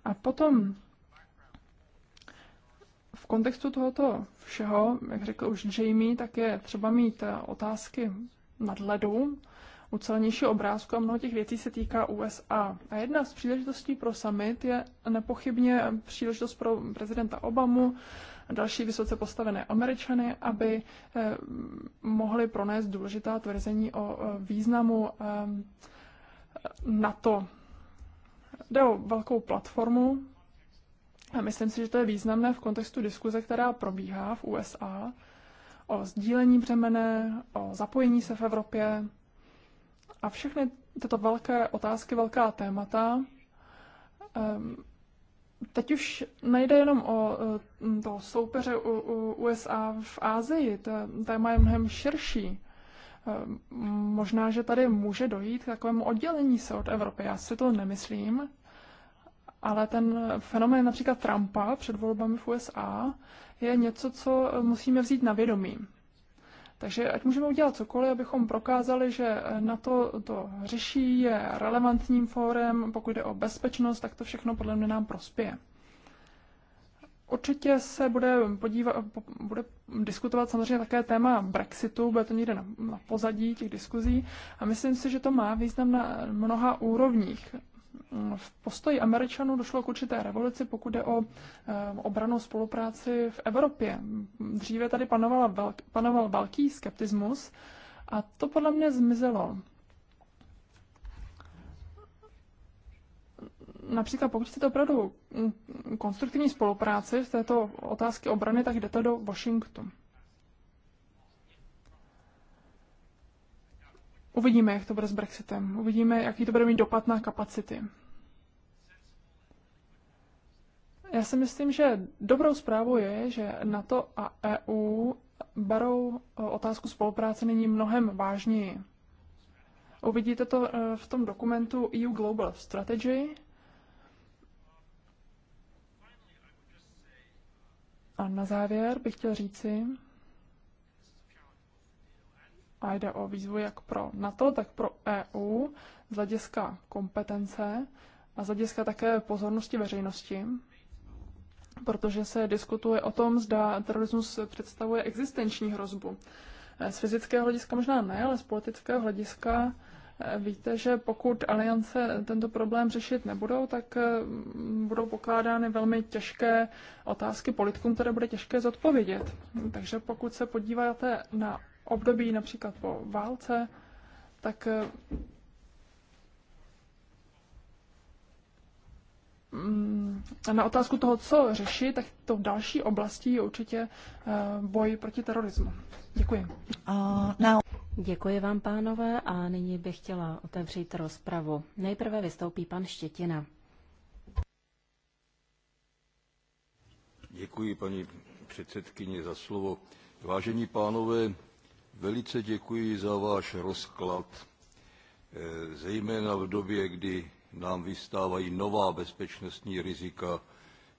A potom kontextu tohoto všeho, jak řekl už Jamie, tak je třeba mít eh, otázky nadhledu, ucelenější obrázku a mnoho těch věcí se týká USA. A jedna z příležitostí pro summit je nepochybně příležitost pro prezidenta Obamu a další vysoce postavené Američany, aby eh, mohli pronést důležitá tvrzení o eh, významu NATO. Jde o velkou platformu, a myslím si, že to je významné v kontextu diskuze, která probíhá v USA o sdílení břemene, o zapojení se v Evropě a všechny tyto velké otázky, velká témata. Ehm, teď už nejde jenom o eh, to soupeře u USA v Ázii, to téma je mnohem širší. Ehm, možná, že tady může dojít k takovému oddělení se od Evropy. Já si to nemyslím, ale ten fenomén například Trumpa před volbami v USA je něco, co musíme vzít na vědomí. Takže ať můžeme udělat cokoliv, abychom prokázali, že na to to řeší, je relevantním fórem, pokud jde o bezpečnost, tak to všechno podle mě nám prospěje. Určitě se bude, podívat, bude diskutovat samozřejmě také téma Brexitu, bude to někde na, na pozadí těch diskuzí a myslím si, že to má význam na mnoha úrovních v postoji Američanů došlo k určité revoluci, pokud je o eh, obranou spolupráci v Evropě. Dříve tady panoval, panoval velký skeptismus a to podle mě zmizelo. Například pokud chcete opravdu konstruktivní spolupráci v této otázky obrany, tak jdete do Washingtonu. Uvidíme, jak to bude s Brexitem. Uvidíme, jaký to bude mít dopad na kapacity. Já si myslím, že dobrou zprávou je, že NATO a EU barou e, otázku spolupráce nyní mnohem vážněji. Uvidíte to e, v tom dokumentu EU Global Strategy. A na závěr bych chtěl říci, a jde o výzvu jak pro NATO, tak pro EU z hlediska kompetence a z hlediska také pozornosti veřejnosti, protože se diskutuje o tom, zda terorismus představuje existenční hrozbu. E, z fyzického hlediska možná ne, ale z politického hlediska e, víte, že pokud aliance tento problém řešit nebudou, tak e, budou pokládány velmi těžké otázky politikům, které bude těžké zodpovědět. Takže pokud se podíváte na období, například po válce, tak mm, na otázku toho, co řešit, tak tou další oblastí je určitě eh, boj proti terorismu. Děkuji. Uh, no. Děkuji vám, pánové, a nyní bych chtěla otevřít rozpravu. Nejprve vystoupí pan Štětina. Děkuji, paní předsedkyně, za slovo. Vážení pánové, Velice děkuji za váš rozklad, eh, zejména v době, kdy nám vystávají nová bezpečnostní rizika,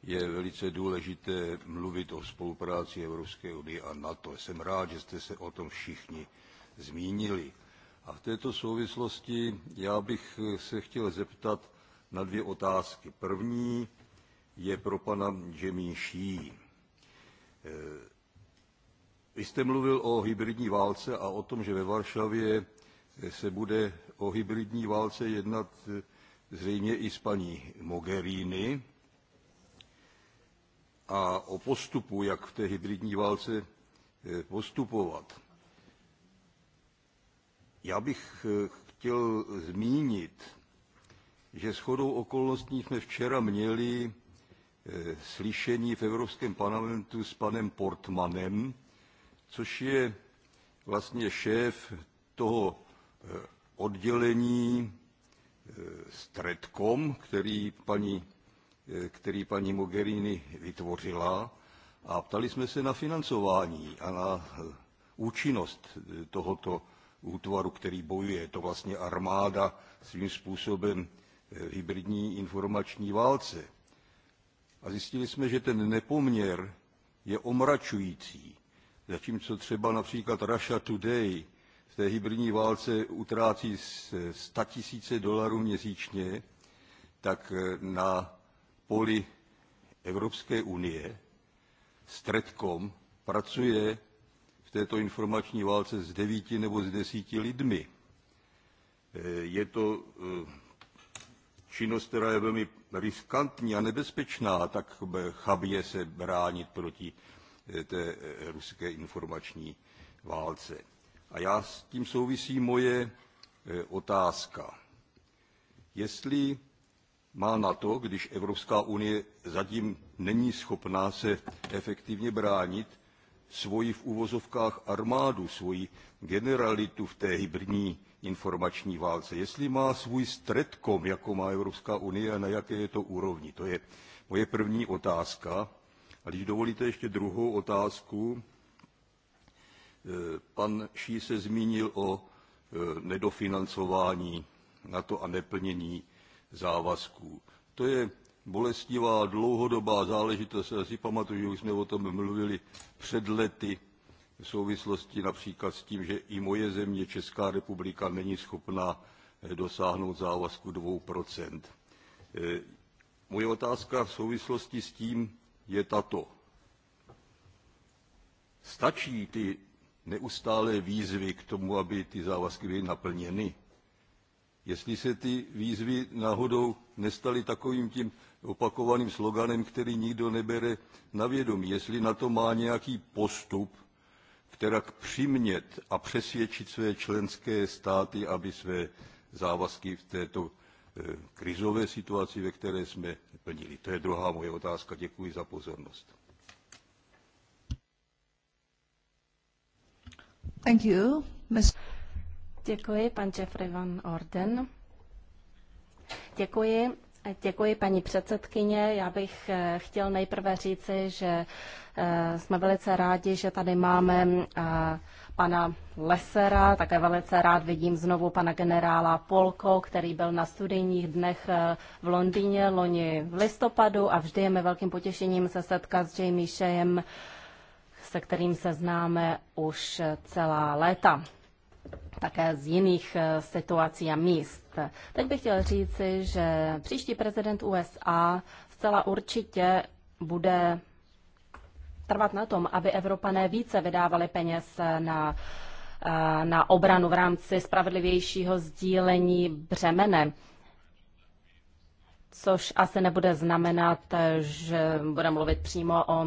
je velice důležité mluvit o spolupráci Evropské unie a NATO. Jsem rád, že jste se o tom všichni zmínili. A v této souvislosti já bych eh, se chtěl zeptat na dvě otázky. První je pro pana Džemíší. Vy jste mluvil o hybridní válce a o tom, že ve Varšavě se bude o hybridní válce jednat eh, zřejmě i s paní Mogherini a o postupu, jak v té hybridní válce eh, postupovat. Já bych eh, chtěl zmínit, že s chodou okolností jsme včera měli slyšení v Evropském parlamentu s panem Portmanem, což je vlastně šéf toho eh, oddělení eh, Stretcom, který paní, eh, který paní Mogherini vytvořila. A ptali jsme se na financování a na účinnost tohoto útvaru, který bojuje. to vlastně armáda svým způsobem v hybridní informační válce. A zjistili jsme, že ten nepoměr je omračující zatímco třeba například Russia Today v té hybridní válce utrácí 100 tisíce dolarů měsíčně, tak eh, na poli Evropské unie Stretcom pracuje v této informační válce s devíti nebo s desíti lidmi. Eh, je to eh, činnost, která je velmi riskantní a nebezpečná, tak chabě se bránit proti Eh, té eh, ruské informační válce. A já s tím souvisí moje eh, otázka. Jestli má na to, když Evropská unie zatím není schopná se efektivně bránit, svoji v uvozovkách armádu, svoji generalitu v té hybridní informační válce. Jestli má svůj stredkom, jako má Evropská unie a na jaké je to úrovni. To je moje první otázka. A když dovolíte ještě druhou otázku, eh, pan Ší se zmínil o eh, nedofinancování na to a neplnění závazků. To je bolestivá dlouhodobá záležitost. Já si pamatuju, že už jsme o tom mluvili před lety v souvislosti například s tím, že i moje země, Česká republika, není schopna eh, dosáhnout závazku 2 Moje otázka v souvislosti s tím, je tato. Stačí ty neustálé výzvy k tomu, aby ty závazky byly naplněny? Jestli se ty výzvy náhodou nestaly takovým tím opakovaným sloganem, který nikdo nebere na vědomí, jestli na to má nějaký postup, k přimět a přesvědčit své členské státy, aby své závazky v této E, krizové situaci, ve které jsme plnili. To je druhá moje otázka. Děkuji za pozornost. Thank you. Ms. Děkuji, pan Jeffrey van Orden. Děkuji. Děkuji, paní předsedkyně. Já bych eh, chtěl nejprve říci, že eh, jsme velice rádi, že tady máme eh, pana Lesera. Také velice rád vidím znovu pana generála Polko, který byl na studijních dnech v Londýně loni v listopadu a vždy je mi velkým potěšením se setkat s Jamie Shejem, se kterým se známe už celá léta také z jiných eh, situací a míst. Teď bych chtěl říci, že příští prezident USA zcela určitě bude trvat na tom, aby Evropané více vydávali peněz na, eh, na obranu v rámci spravedlivějšího sdílení břemene což asi nebude znamenat, že bude mluvit přímo o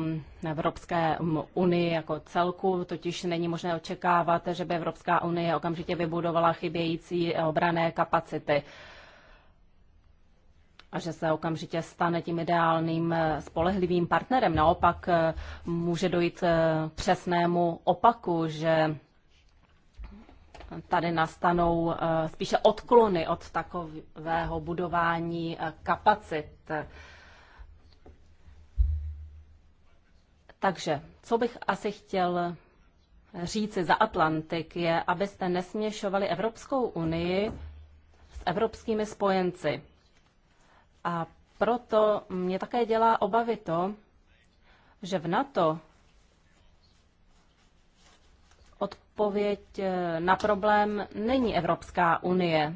Evropské unii jako celku, totiž není možné očekávat, že by Evropská unie okamžitě vybudovala chybějící obrané kapacity a že se okamžitě stane tím ideálným spolehlivým partnerem. Naopak může dojít k přesnému opaku, že tady nastanou eh, spíše odklony od takového budování eh, kapacit. Takže, co bych asi chtěl říci za Atlantik, je, abyste nesměšovali Evropskou unii s evropskými spojenci. A proto mě také dělá obavy to, že v NATO odpověď eh, na problém není Evropská unie.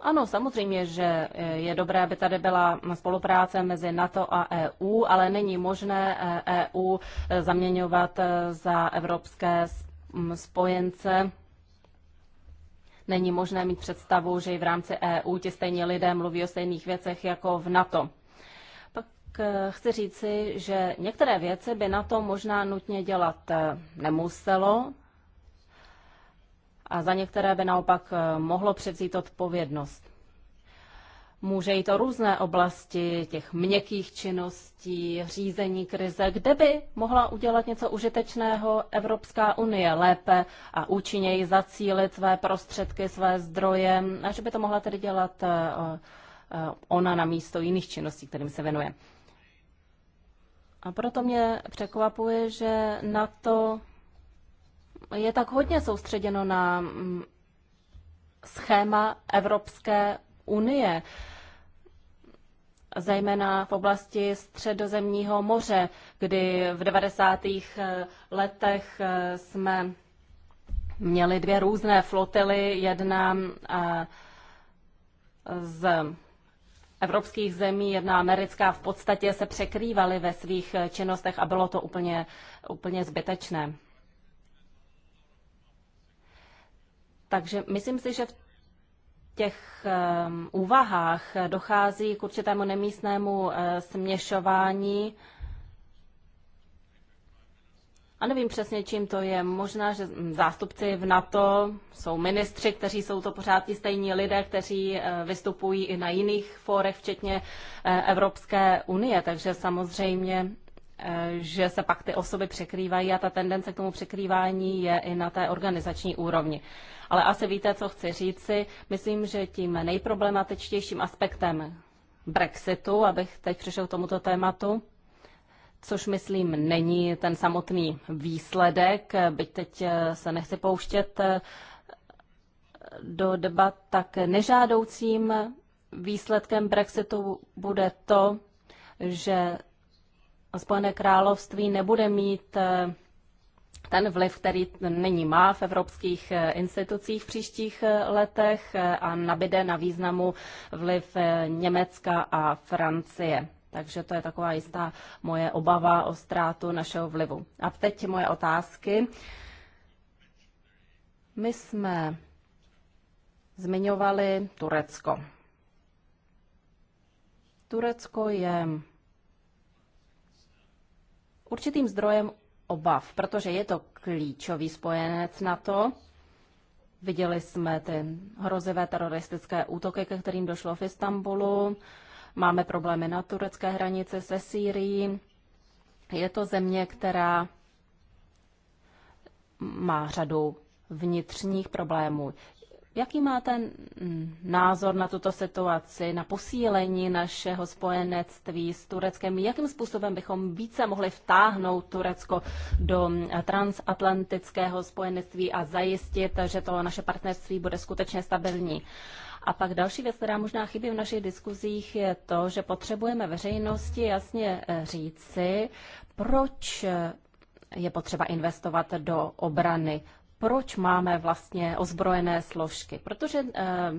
Ano, samozřejmě, že eh, je dobré, aby tady byla spolupráce mezi NATO a EU, ale není možné EU eh, e zaměňovat za evropské mm, spojence. Není možné mít představu, že i v rámci EU ti stejní lidé mluví o stejných věcech jako v NATO. Eh, chci říci, že některé věci by na to možná nutně dělat eh, nemuselo a za některé by naopak eh, mohlo převzít odpovědnost. Může jít o různé oblasti těch měkkých činností, řízení krize, kde by mohla udělat něco užitečného Evropská unie lépe a účinněji zacílit své prostředky, své zdroje, a že by to mohla tedy dělat ona na místo jiných činností, kterým se věnuje. A proto mě překvapuje, že na to je tak hodně soustředěno na mm, schéma Evropské unie, zejména v oblasti středozemního moře, kdy v 90. Eh, letech eh, jsme měli dvě různé flotily, jedna eh, z evropských zemí, jedna americká, v podstatě se překrývaly ve svých eh, činnostech a bylo to úplně, úplně zbytečné. Takže myslím si, že v těch ehm, úvahách dochází k určitému nemístnému eh, směšování a nevím přesně, čím to je. Možná, že zástupci v NATO jsou ministři, kteří jsou to pořád ti stejní lidé, kteří eh, vystupují i na jiných fórech, včetně eh, Evropské unie. Takže samozřejmě eh, že se pak ty osoby překrývají a ta tendence k tomu překrývání je i na té organizační úrovni. Ale asi víte, co chci říci. Myslím, že tím nejproblematičtějším aspektem Brexitu, abych teď přišel k tomuto tématu, což myslím není ten samotný výsledek, byť teď eh, se nechci pouštět eh, do debat, tak nežádoucím výsledkem Brexitu bude to, že Spojené království nebude mít eh, ten vliv, který není má v evropských institucích v příštích letech a nabide na významu vliv Německa a Francie. Takže to je taková jistá moje obava o ztrátu našeho vlivu. A teď moje otázky. My jsme zmiňovali Turecko. Turecko je určitým zdrojem obav, protože je to klíčový spojenec na to. Viděli jsme ty hrozivé teroristické útoky, ke kterým došlo v Istanbulu. Máme problémy na turecké hranici se Sýrií. Je to země, která má řadu vnitřních problémů. Jaký máte názor na tuto situaci, na posílení našeho spojenectví s Tureckem? Jakým způsobem bychom více mohli vtáhnout Turecko do transatlantického spojenectví a zajistit, že to naše partnerství bude skutečně stabilní? A pak další věc, která možná chybí v našich diskuzích, je to, že potřebujeme veřejnosti jasně eh, říci, proč eh, je potřeba investovat do obrany, proč máme vlastně ozbrojené složky. Protože eh,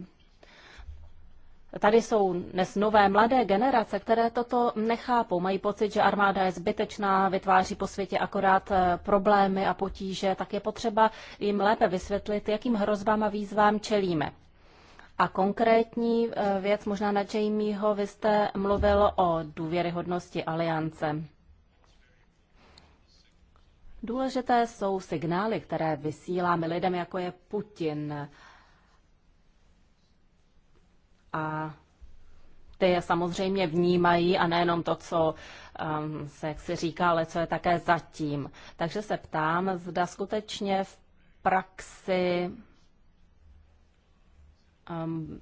Tady jsou dnes nové mladé generace, které toto nechápou. Mají pocit, že armáda je zbytečná, vytváří po světě akorát problémy a potíže, tak je potřeba jim lépe vysvětlit, jakým hrozbám a výzvám čelíme. A konkrétní eh, věc, možná na Jamieho, vy jste mluvil o důvěryhodnosti aliance. Důležité jsou signály, které vysíláme lidem, jako je Putin. A ty je samozřejmě vnímají a nejenom to, co um, se jak si říká, ale co je také zatím. Takže se ptám, zda skutečně v praxi Ehm,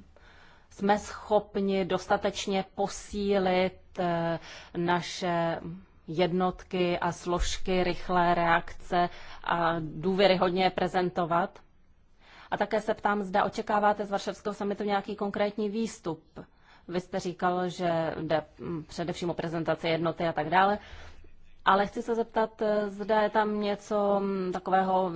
jsme schopni dostatečně posílit eh, naše jednotky a složky rychlé reakce a důvěryhodně je prezentovat? A také se ptám, zda očekáváte z Varšavského samitu nějaký konkrétní výstup. Vy jste říkal, že jde hm, především o prezentaci jednoty a tak dále. Ale chci se zeptat, eh, zda je tam něco mm, takového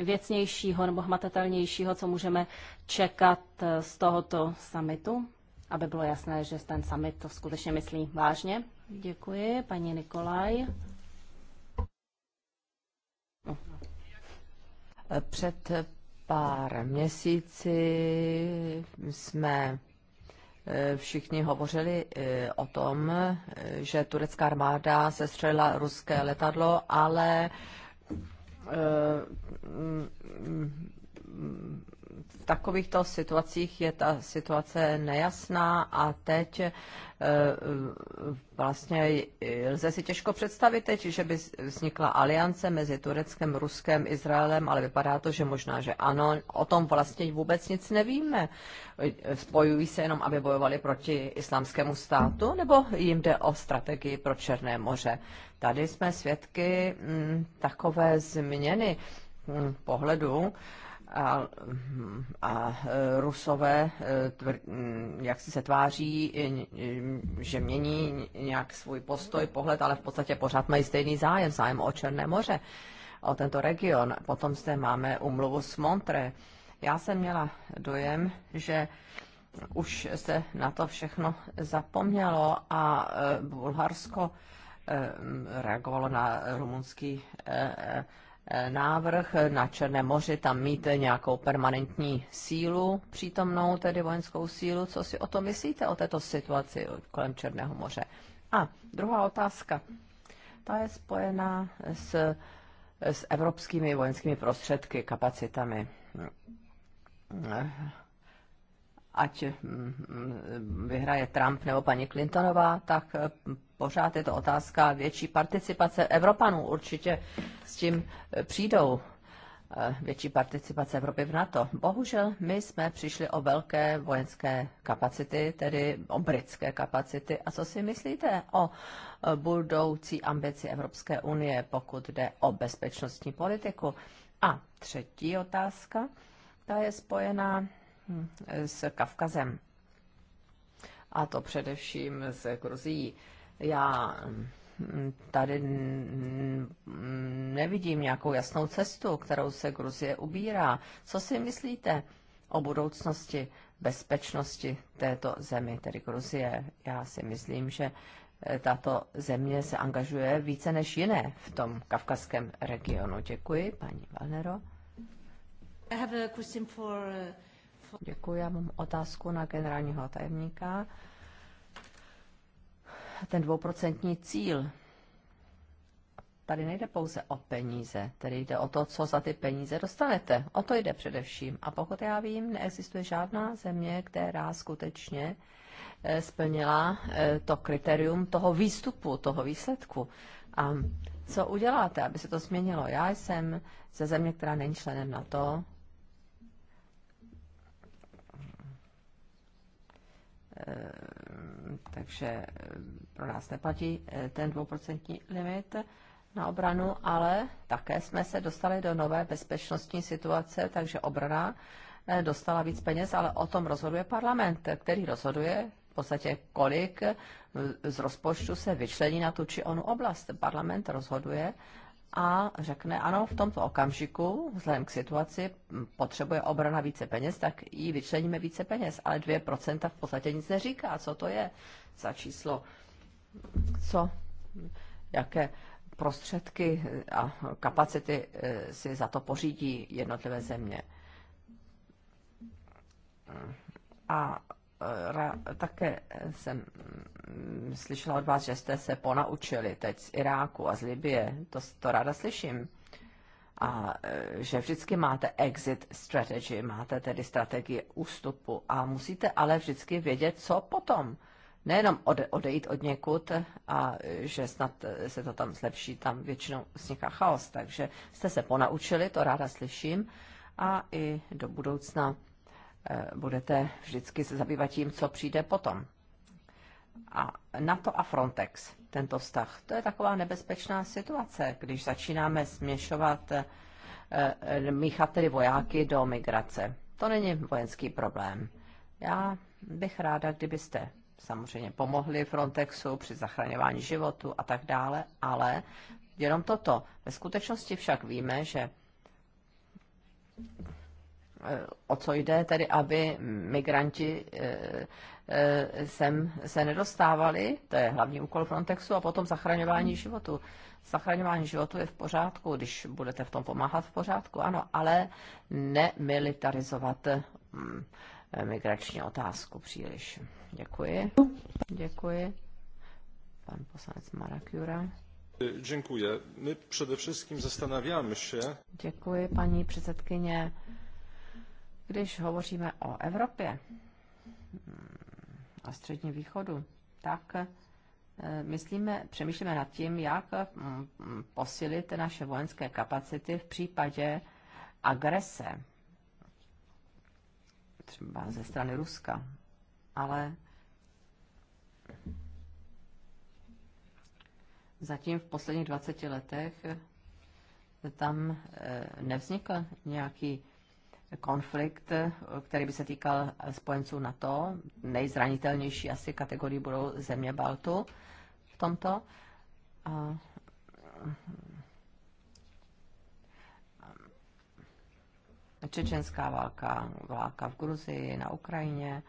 věcnějšího nebo hmatatelnějšího, co můžeme čekat eh, z tohoto summitu, aby bylo jasné, že ten summit to skutečně myslí vážně. Děkuji, paní Nikolaj. Eh, před pár měsíci jsme Eh, všichni hovořili eh, o tom, eh, že turecká armáda sestřelila ruské letadlo, ale mm, mm, takovýchto situacích je ta situace nejasná a teď eh, vlastně lze si těžko představit teď, že by vznikla aliance mezi Tureckem, Ruskem, Izraelem, ale vypadá to, že možná, že ano, o tom vlastně vůbec nic nevíme. Spojují se jenom, aby bojovali proti islámskému státu, nebo jim jde o strategii pro Černé moře. Tady jsme svědky mm, takové změny mm, pohledu a, a eh, rusové eh, tvr, hm, jak si se tváří, hm, že mění nějak svůj postoj, pohled, ale v podstatě pořád mají stejný zájem, zájem o Černé moře, o tento region. Potom zde máme umluvu s Montre. Já jsem měla dojem, že už se na to všechno zapomnělo a eh, Bulharsko hm, reagovalo na rumunský E, návrh na Černé moři tam mít nějakou permanentní sílu, přítomnou tedy vojenskou sílu. Co si o to myslíte, o této situaci kolem Černého moře? A druhá otázka. Ta je spojená s, s evropskými vojenskými prostředky, kapacitami ať mm, mm, vyhraje Trump nebo paní Clintonová, tak eh, pořád je to otázka větší participace Evropanů. Určitě s tím eh, přijdou eh, větší participace Evropy v NATO. Bohužel my jsme přišli o velké vojenské kapacity, tedy o britské kapacity. A co si myslíte o budoucí ambici Evropské unie, pokud jde o bezpečnostní politiku? A třetí otázka, ta je spojená Eh, s Kavkazem. A to především s Gruzií. Já mm, tady mm, nevidím nějakou jasnou cestu, kterou se Gruzie ubírá. Co si myslíte o budoucnosti bezpečnosti této zemi, tedy Gruzie? Já si myslím, že eh, tato země se angažuje více než jiné v tom kavkazském regionu. Děkuji, paní Valnero. I have a question for eh, Děkuji, já mám otázku na generálního tajemníka. Ten dvouprocentní cíl, tady nejde pouze o peníze, tedy jde o to, co za ty peníze dostanete. O to jde především. A pokud já vím, neexistuje žádná země, která skutečně eh, splnila eh, to kritérium toho výstupu, toho výsledku. A co uděláte, aby se to změnilo? Já jsem ze země, která není členem NATO, Ehm, takže ehm, pro nás neplatí eh, ten dvouprocentní limit na obranu, ale také jsme se dostali do nové bezpečnostní situace, takže obrana eh, dostala víc peněz, ale o tom rozhoduje parlament, který rozhoduje v podstatě, kolik eh, z rozpočtu se vyčlení na tu či onu oblast. Parlament rozhoduje a řekne, ano, v tomto okamžiku, vzhledem k situaci, potřebuje obrana více peněz, tak jí vyčleníme více peněz. Ale 2% v podstatě nic neříká. Co to je za číslo? Co? Jaké prostředky a kapacity eh, si za to pořídí jednotlivé země? A Eh, také jsem mm, slyšela od vás, že jste se ponaučili teď z Iráku a z Libie. To, to ráda slyším. A eh, že vždycky máte exit strategy, máte tedy strategii ústupu a musíte ale vždycky vědět, co potom. Nejenom ode, odejít od někud a eh, že snad se to tam zlepší, tam většinou vzniká chaos. Takže jste se ponaučili, to ráda slyším. A i do budoucna Eh, budete vždycky se zabývat tím, co přijde potom. A NATO a Frontex, tento vztah, to je taková nebezpečná situace, když začínáme směšovat, eh, eh, míchat tedy vojáky do migrace. To není vojenský problém. Já bych ráda, kdybyste samozřejmě pomohli Frontexu při zachraňování životu a tak dále, ale jenom toto. Ve skutečnosti však víme, že Eh, o co jde, tedy aby migranti eh, eh, sem se nedostávali, to je hlavní úkol Frontexu, a potom zachraňování životu. Zachraňování životu je v pořádku, když budete v tom pomáhat v pořádku, ano, ale nemilitarizovat mm, migrační otázku příliš. Děkuji. Děkuji. Pan poslanec Marek Jura. Děkuji. My především zastanawiamy się. Děkuji, paní předsedkyně. Když hovoříme o Evropě a mm, středním východu, tak eh, myslíme, přemýšlíme nad tím, jak mm, posilit naše vojenské kapacity v případě agrese, třeba ze strany Ruska. Ale zatím v posledních 20 letech tam eh, nevznikl nějaký konflikt, eh, který by se týkal spojenců NATO. Nejzranitelnější asi kategorii budou země Baltu v tomto. A, eh, čečenská válka, válka v Gruzii, na Ukrajině.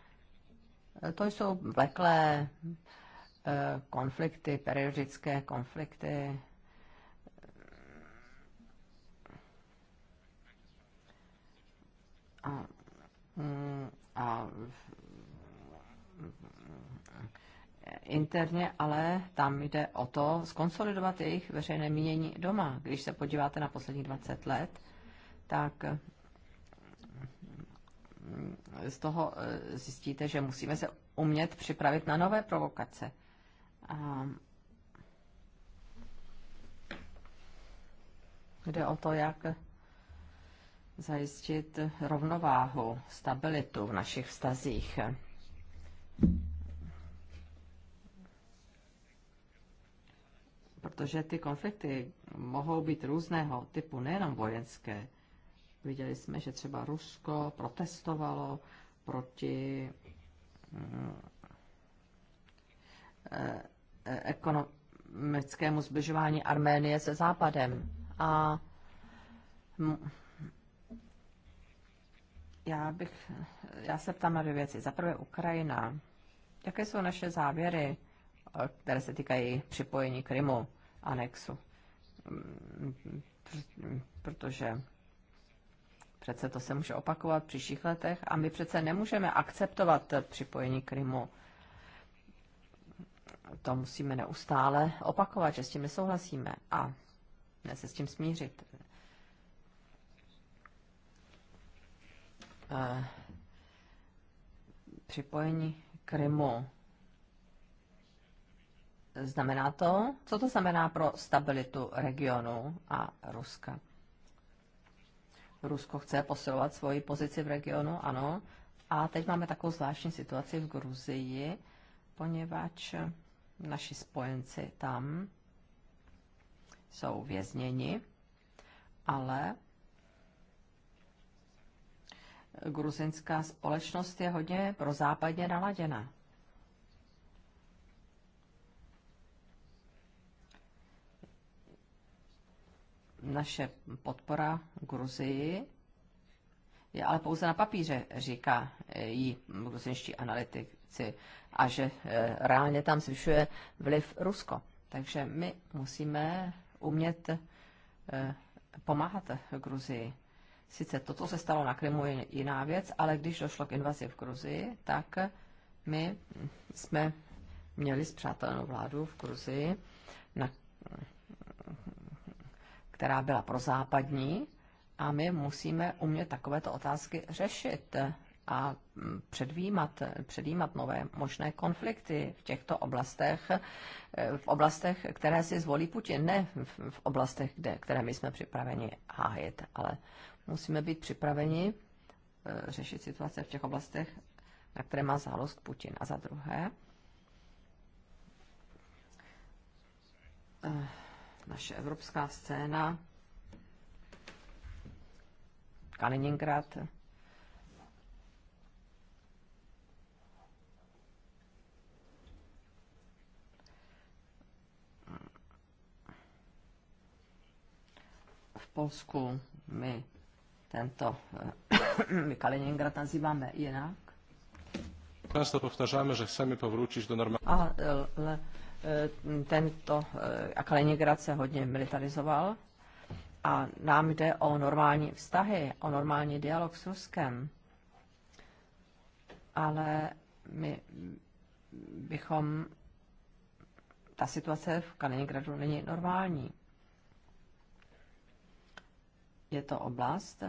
Eh, to jsou vleklé konflikty, periodické konflikty, a, mm, a interně, ale tam jde o to skonsolidovat jejich veřejné mínění doma. Když se podíváte na posledních 20 let, tak mm, z toho e, zjistíte, že musíme se umět připravit na nové provokace. A jde o to, jak zajistit rovnováhu, stabilitu v našich vztazích. Protože ty konflikty mohou být různého typu, nejenom vojenské. Viděli jsme, že třeba Rusko protestovalo proti eh, eh, ekonomickému zbližování Arménie se Západem. A já bych, já se ptám na dvě věci. Za prvé Ukrajina. Jaké jsou naše závěry, eh, které se týkají připojení Krymu, anexu? Mm, protože přece to se může opakovat v příštích letech a my přece nemůžeme akceptovat připojení Krymu. To musíme neustále opakovat, že s tím nesouhlasíme a ne se s tím smířit. Eh, připojení Krymu. Znamená to, co to znamená pro stabilitu regionu a Ruska? Rusko chce posilovat svoji pozici v regionu, ano. A teď máme takovou zvláštní situaci v Gruzii, poněvadž naši spojenci tam jsou vězněni, ale gruzinská společnost je hodně pro západně naladěná. Naše podpora Gruzii je ale pouze na papíře, říká jí gruzinští analytici, a že eh, reálně tam zvyšuje vliv Rusko. Takže my musíme umět eh, pomáhat Gruzii. Sice to, co se stalo na Krymu, je jiná věc, ale když došlo k invazi v Gruzii, tak my jsme měli zpřátelnou vládu v Gruzii, na, která byla prozápadní, a my musíme umět takovéto otázky řešit a předvímat, předjímat nové možné konflikty v těchto oblastech, v oblastech, které si zvolí Putin, ne v oblastech, kde, které my jsme připraveni hájit, ale musíme být připraveni eh, řešit situace v těch oblastech, na které má zálost Putin. A za druhé, eh, naše evropská scéna, Kaliningrad, v Polsku my tento, eh, my Kaliningrad nazýváme jinak. Často powtarzamy, že chceme powrócić do normalności. Ale eh, eh, tento, a Kaliningrad se hodně militarizoval a nám jde o normální vztahy, o normální dialog s Ruskem. Ale my bychom, ta situace v Kaliningradu není normální. Je to oblast,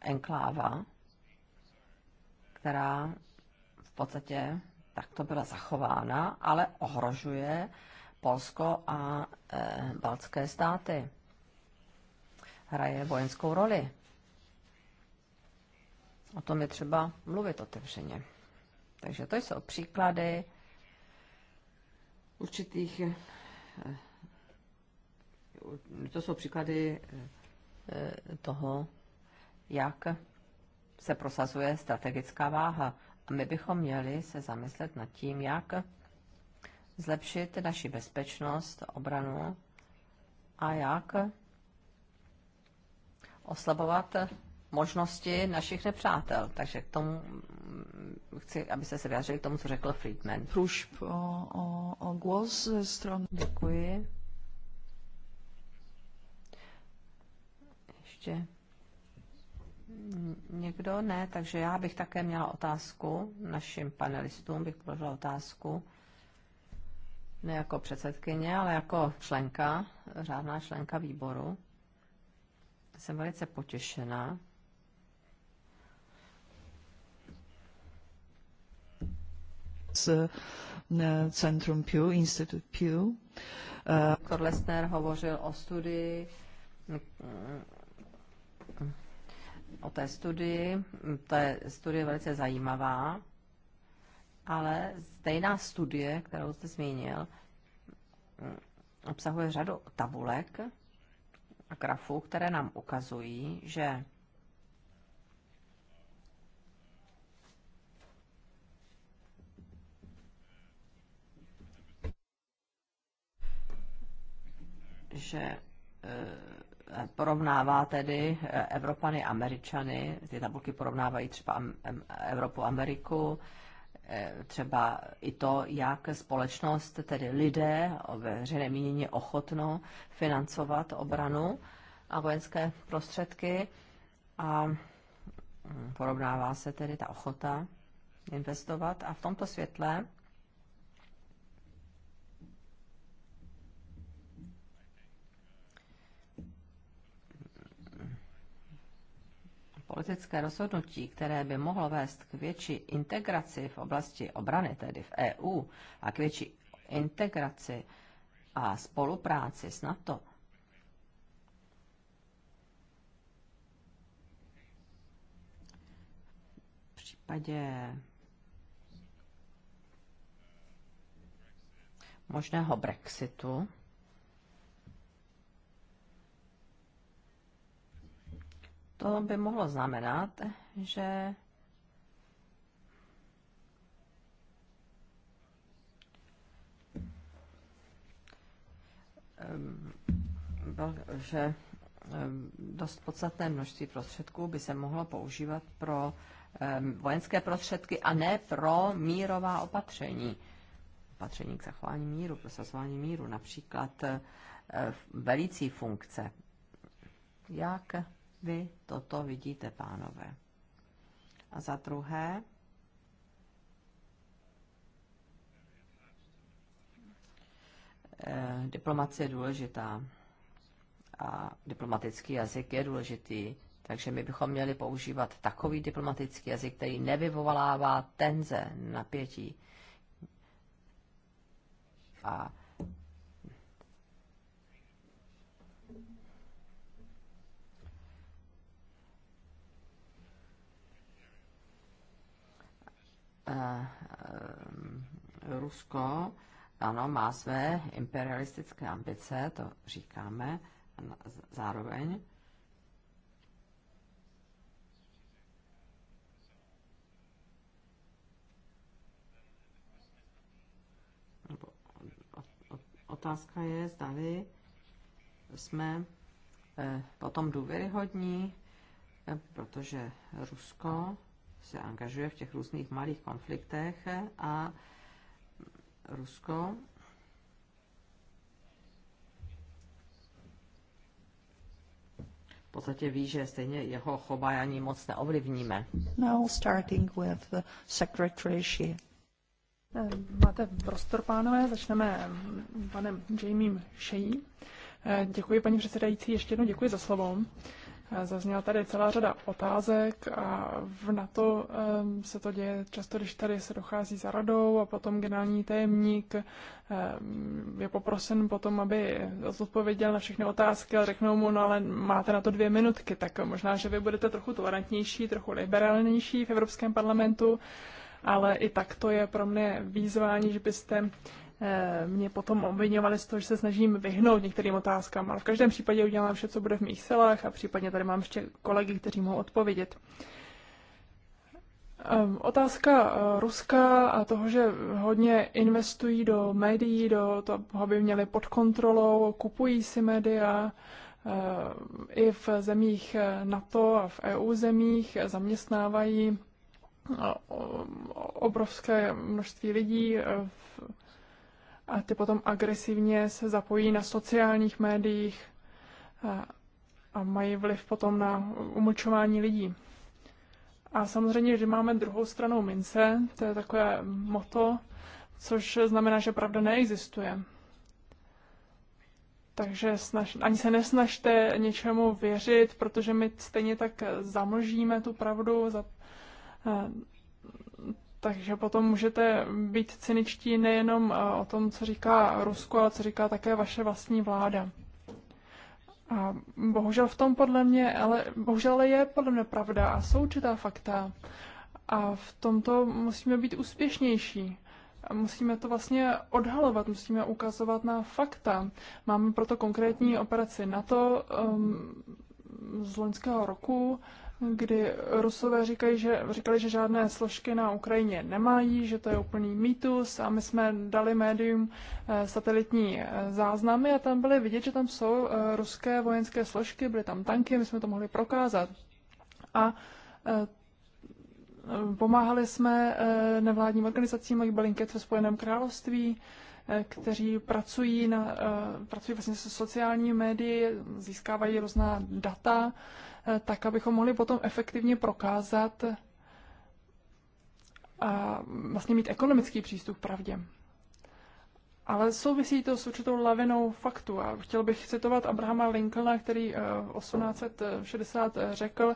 enkláva, která v podstatě takto byla zachována, ale ohrožuje Polsko a e, baltské státy. Hraje vojenskou roli. O tom je třeba mluvit otevřeně. Takže to jsou příklady určitých. E, e, to jsou příklady e, toho, jak se prosazuje strategická váha. A my bychom měli se zamyslet nad tím, jak zlepšit naši bezpečnost, obranu a jak oslabovat možnosti našich nepřátel. Takže k tomu mm, chci, aby se se vyjádřili k tomu, co řekl Friedman. Průžb o, o, o głos ze stron. Děkuji. Ještě Někdo ne, takže já bych také měla otázku našim panelistům, bych položila otázku, ne jako předsedkyně, ale jako členka, řádná členka výboru. Jsem velice potěšená, z eh, Centrum Pew, Institut Pew. Eh, Doktor Lesner hovořil o studii o té studii. Ta je studie velice zajímavá, ale stejná studie, kterou jste zmínil, obsahuje řadu tabulek a grafů, které nám ukazují, že že eh, porovnává tedy eh, Evropany, Američany, ty tabulky porovnávají třeba Evropu, Ameriku, eh, třeba i to, jak společnost, tedy lidé, veřejné mínění ochotno financovat obranu a vojenské prostředky a hm, porovnává se tedy ta ochota investovat a v tomto světle politické rozhodnutí, které by mohlo vést k větší integraci v oblasti obrany, tedy v EU, a k větší integraci a spolupráci s NATO, v případě možného Brexitu, to by mohlo znamenat, že že dost podstatné množství prostředků by se mohlo používat pro vojenské prostředky a ne pro mírová opatření. Opatření k zachování míru, prosazování míru, například eh, velící funkce. Jak vy toto vidíte, pánové. A za druhé, eh, diplomacie je důležitá a diplomatický jazyk je důležitý, takže my bychom měli používat takový diplomatický jazyk, který nevyvolává tenze, napětí. A Eh, eh, Rusko, ano, má své imperialistické ambice, to říkáme zároveň. Otázka je, zdali jsme eh, potom důvěryhodní, protože Rusko se angažuje v těch různých malých konfliktech a Rusko v podstatě ví, že stejně jeho chování moc neovlivníme. Now starting with the secretary Xi. Eh, máte prostor, pánové, začneme mm, panem Jamiem Shea. Eh, děkuji, paní předsedající, ještě jednou děkuji za slovo. Zazněla tady celá řada otázek a v NATO se to děje často, když tady se dochází za radou a potom generální tajemník je poprosen potom, aby odpověděl na všechny otázky, a řeknou mu, no ale máte na to dvě minutky, tak možná, že vy budete trochu tolerantnější, trochu liberálnější v Evropském parlamentu, ale i tak to je pro mě výzvání, že byste Eh, mě potom obvinovali z toho, že se snažím vyhnout některým otázkám, ale v každém případě udělám vše, co bude v mých silách a případně tady mám ještě kolegy, kteří mohou odpovědět. Ehm, otázka eh, Ruska a toho, že hodně investují do médií, do toho, aby měli pod kontrolou, kupují si média eh, i v zemích NATO a v EU zemích, zaměstnávají obrovské množství lidí v a ty potom agresivně se zapojí na sociálních médiích a, a mají vliv potom na umlčování lidí. A samozřejmě, že máme druhou stranu mince, to je takové moto, což znamená, že pravda neexistuje. Takže snaž, ani se nesnažte něčemu věřit, protože my stejně tak zamlžíme tu pravdu, za, takže potom můžete být cyničtí nejenom eh, o tom, co říká Rusko, ale co říká také vaše vlastní vláda. A bohužel v tom podle mě, ale bohužel je podle mě pravda a jsou určitá fakta. A v tomto musíme být úspěšnější. A musíme to vlastně odhalovat, musíme ukazovat na fakta. Máme proto konkrétní operaci NATO um, z loňského roku, kdy Rusové říkají, že, říkali, že žádné složky na Ukrajině nemají, že to je úplný mýtus a my jsme dali médium eh, satelitní eh, záznamy a tam byly vidět, že tam jsou eh, ruské vojenské složky, byly tam tanky, my jsme to mohli prokázat. A pomáhali jsme nevládním organizacím, jak byl ve Spojeném království, kteří pracují, na, eh, pracují vlastně se sociální médii, získávají různá data, eh, tak abychom mohli potom efektivně prokázat a vlastně mít ekonomický přístup k pravdě. Ale souvisí to s určitou lavinou faktu. A chtěl bych citovat Abrahama Lincolna, který 1860 eh, řekl,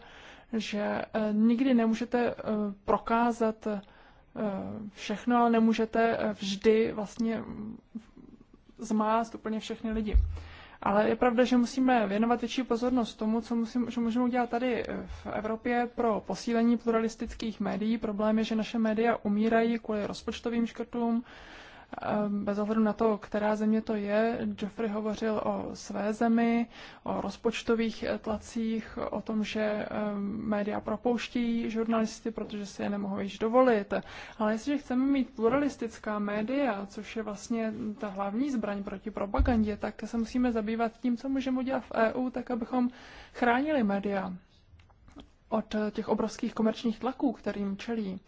že nikdy nemůžete prokázat Eh, všechno, ale nemůžete eh, vždy vlastně zmást úplně všechny lidi. Ale je pravda, že musíme věnovat větší pozornost tomu, co, musím, co můžeme udělat tady eh, v Evropě pro posílení pluralistických médií. Problém je, že naše média umírají kvůli rozpočtovým škrtům, Ehm, bez ohledu na to, která země to je, Joffrey hovořil o své zemi, o rozpočtových eh, tlacích, o tom, že ehm, média propouští žurnalisty, protože si je nemohou již dovolit. Ale jestliže chceme mít pluralistická média, což je vlastně ta hlavní zbraň proti propagandě, tak se musíme zabývat tím, co můžeme udělat v EU, tak abychom chránili média od eh, těch obrovských komerčních tlaků, kterým čelí.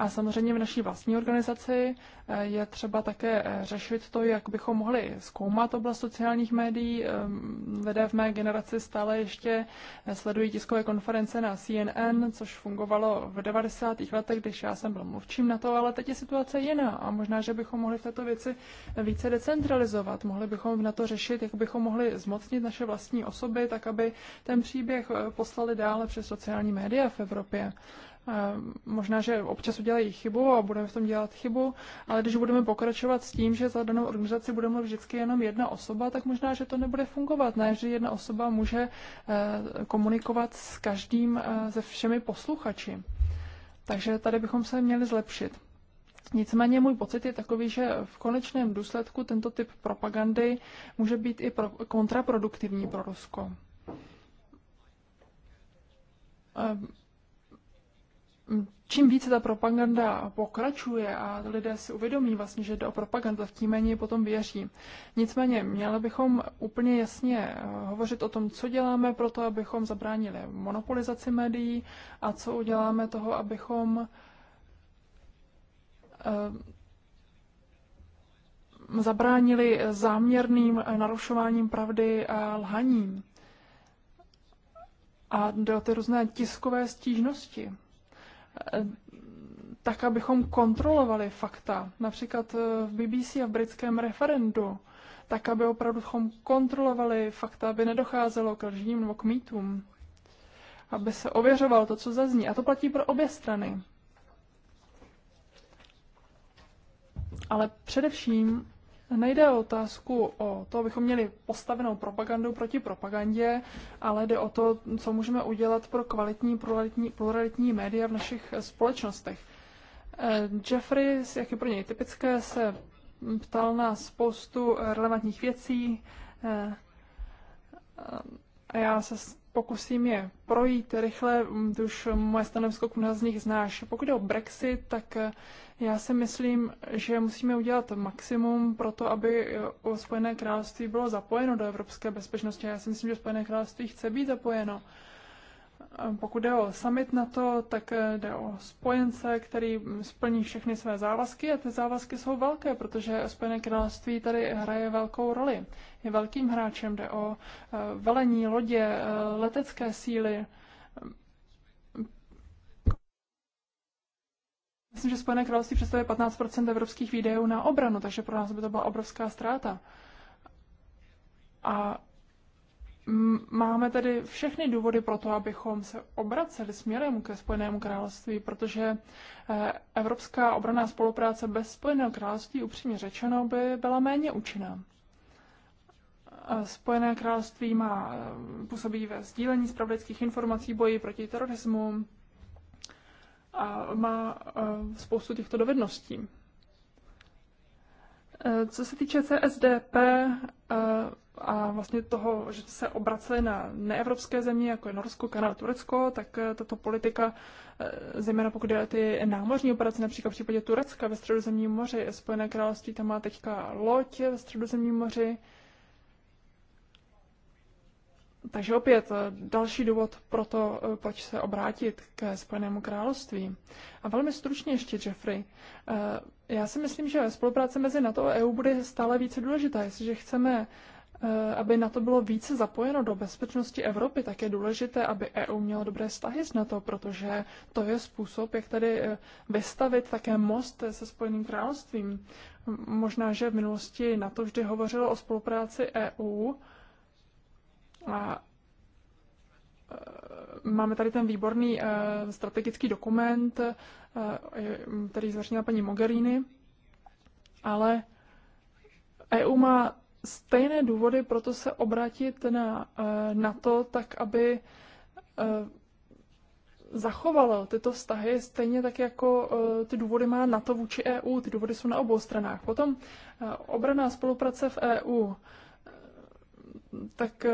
A samozřejmě v naší vlastní organizaci eh, je třeba také eh, řešit to, jak bychom mohli zkoumat oblast sociálních médií. Ehm, lidé v mé generaci stále ještě eh, sledují tiskové konference na CNN, což fungovalo v 90. letech, když já jsem byl mluvčím na to, ale teď je situace jiná a možná, že bychom mohli v této věci více decentralizovat. Mohli bychom na to řešit, jak bychom mohli zmocnit naše vlastní osoby, tak aby ten příběh poslali dále přes sociální média v Evropě. Eh, možná, že občas udělají chybu a budeme v tom dělat chybu, ale když budeme pokračovat s tím, že za danou organizaci bude mluvit vždycky jenom jedna osoba, tak možná, že to nebude fungovat. Ne, že jedna osoba může eh, komunikovat s každým, eh, se všemi posluchači. Takže tady bychom se měli zlepšit. Nicméně můj pocit je takový, že v konečném důsledku tento typ propagandy může být i pro, kontraproduktivní pro Rusko čím více ta propaganda pokračuje a lidé si uvědomí vlastně, že jde o propaganda, tím méně potom věří. Nicméně měli bychom úplně jasně eh, hovořit o tom, co děláme pro to, abychom zabránili monopolizaci médií a co uděláme toho, abychom eh, zabránili záměrným narušováním pravdy a lhaním. A do ty různé tiskové stížnosti. Eh, tak, abychom kontrolovali fakta. Například eh, v BBC a v britském referendu tak, aby opravdu kontrolovali fakta, aby nedocházelo k lžím nebo k mýtům, aby se ověřovalo to, co zazní. A to platí pro obě strany. Ale především Nejde o otázku o to, abychom měli postavenou propagandu proti propagandě, ale jde o to, co můžeme udělat pro kvalitní pluralitní, pluralitní média v našich společnostech. Eh, Jeffrey, jak je pro něj typické, se ptal na spoustu relevantních věcí eh, eh, a já se pokusím je projít rychle, mm, ty už moje stanovisko k mnoha z nich znáš. Pokud jde o Brexit, tak eh, já si myslím, že musíme udělat maximum pro to, aby eh, Spojené království bylo zapojeno do evropské bezpečnosti. Já si myslím, že Spojené království chce být zapojeno. Pokud jde o summit NATO, tak eh, jde o spojence, který splní všechny své závazky a ty závazky jsou velké, protože Spojené království tady hraje velkou roli. Je velkým hráčem, jde o eh, velení lodě, eh, letecké síly. Myslím, že Spojené království představuje 15 evropských výdejů na obranu, takže pro nás by to byla obrovská ztráta. A máme tedy všechny důvody pro to, abychom se obraceli směrem ke Spojenému království, protože eh, evropská obraná spolupráce bez Spojeného království, upřímně řečeno, by byla méně účinná. Eh, Spojené království má, eh, působí ve sdílení zpravodajských informací, boji proti terorismu a má spoustu těchto dovedností. Co se týče CSDP, a vlastně toho, že se obraceli na neevropské země, jako je Norsko, Kanada, Turecko, tak eh, tato politika, eh, zejména pokud je ty námořní operace, například v případě Turecka ve středozemním moři, Spojené království tam má teďka loď ve středozemním moři, takže opět eh, další důvod pro to, proč se obrátit ke Spojenému království. A velmi stručně ještě, Jeffrey. Já si myslím, že spolupráce mezi NATO a EU bude stále více důležitá. Jestliže chceme Eh, aby na to bylo více zapojeno do bezpečnosti Evropy, tak je důležité, aby EU měla dobré vztahy s NATO, protože to je způsob, jak tady eh, vystavit také most eh, se Spojeným královstvím. Možná, že v minulosti NATO vždy hovořilo o spolupráci EU a máme tady ten výborný strategický dokument, který zveřejnila paní Mogherini, ale EU má stejné důvody proto se obratit na, eh, na to, tak aby eh, zachovalo tyto vztahy stejně tak, jako eh, ty důvody má NATO vůči EU. Ty důvody jsou na obou stranách. Potom obraná spolupráce v EU. Tak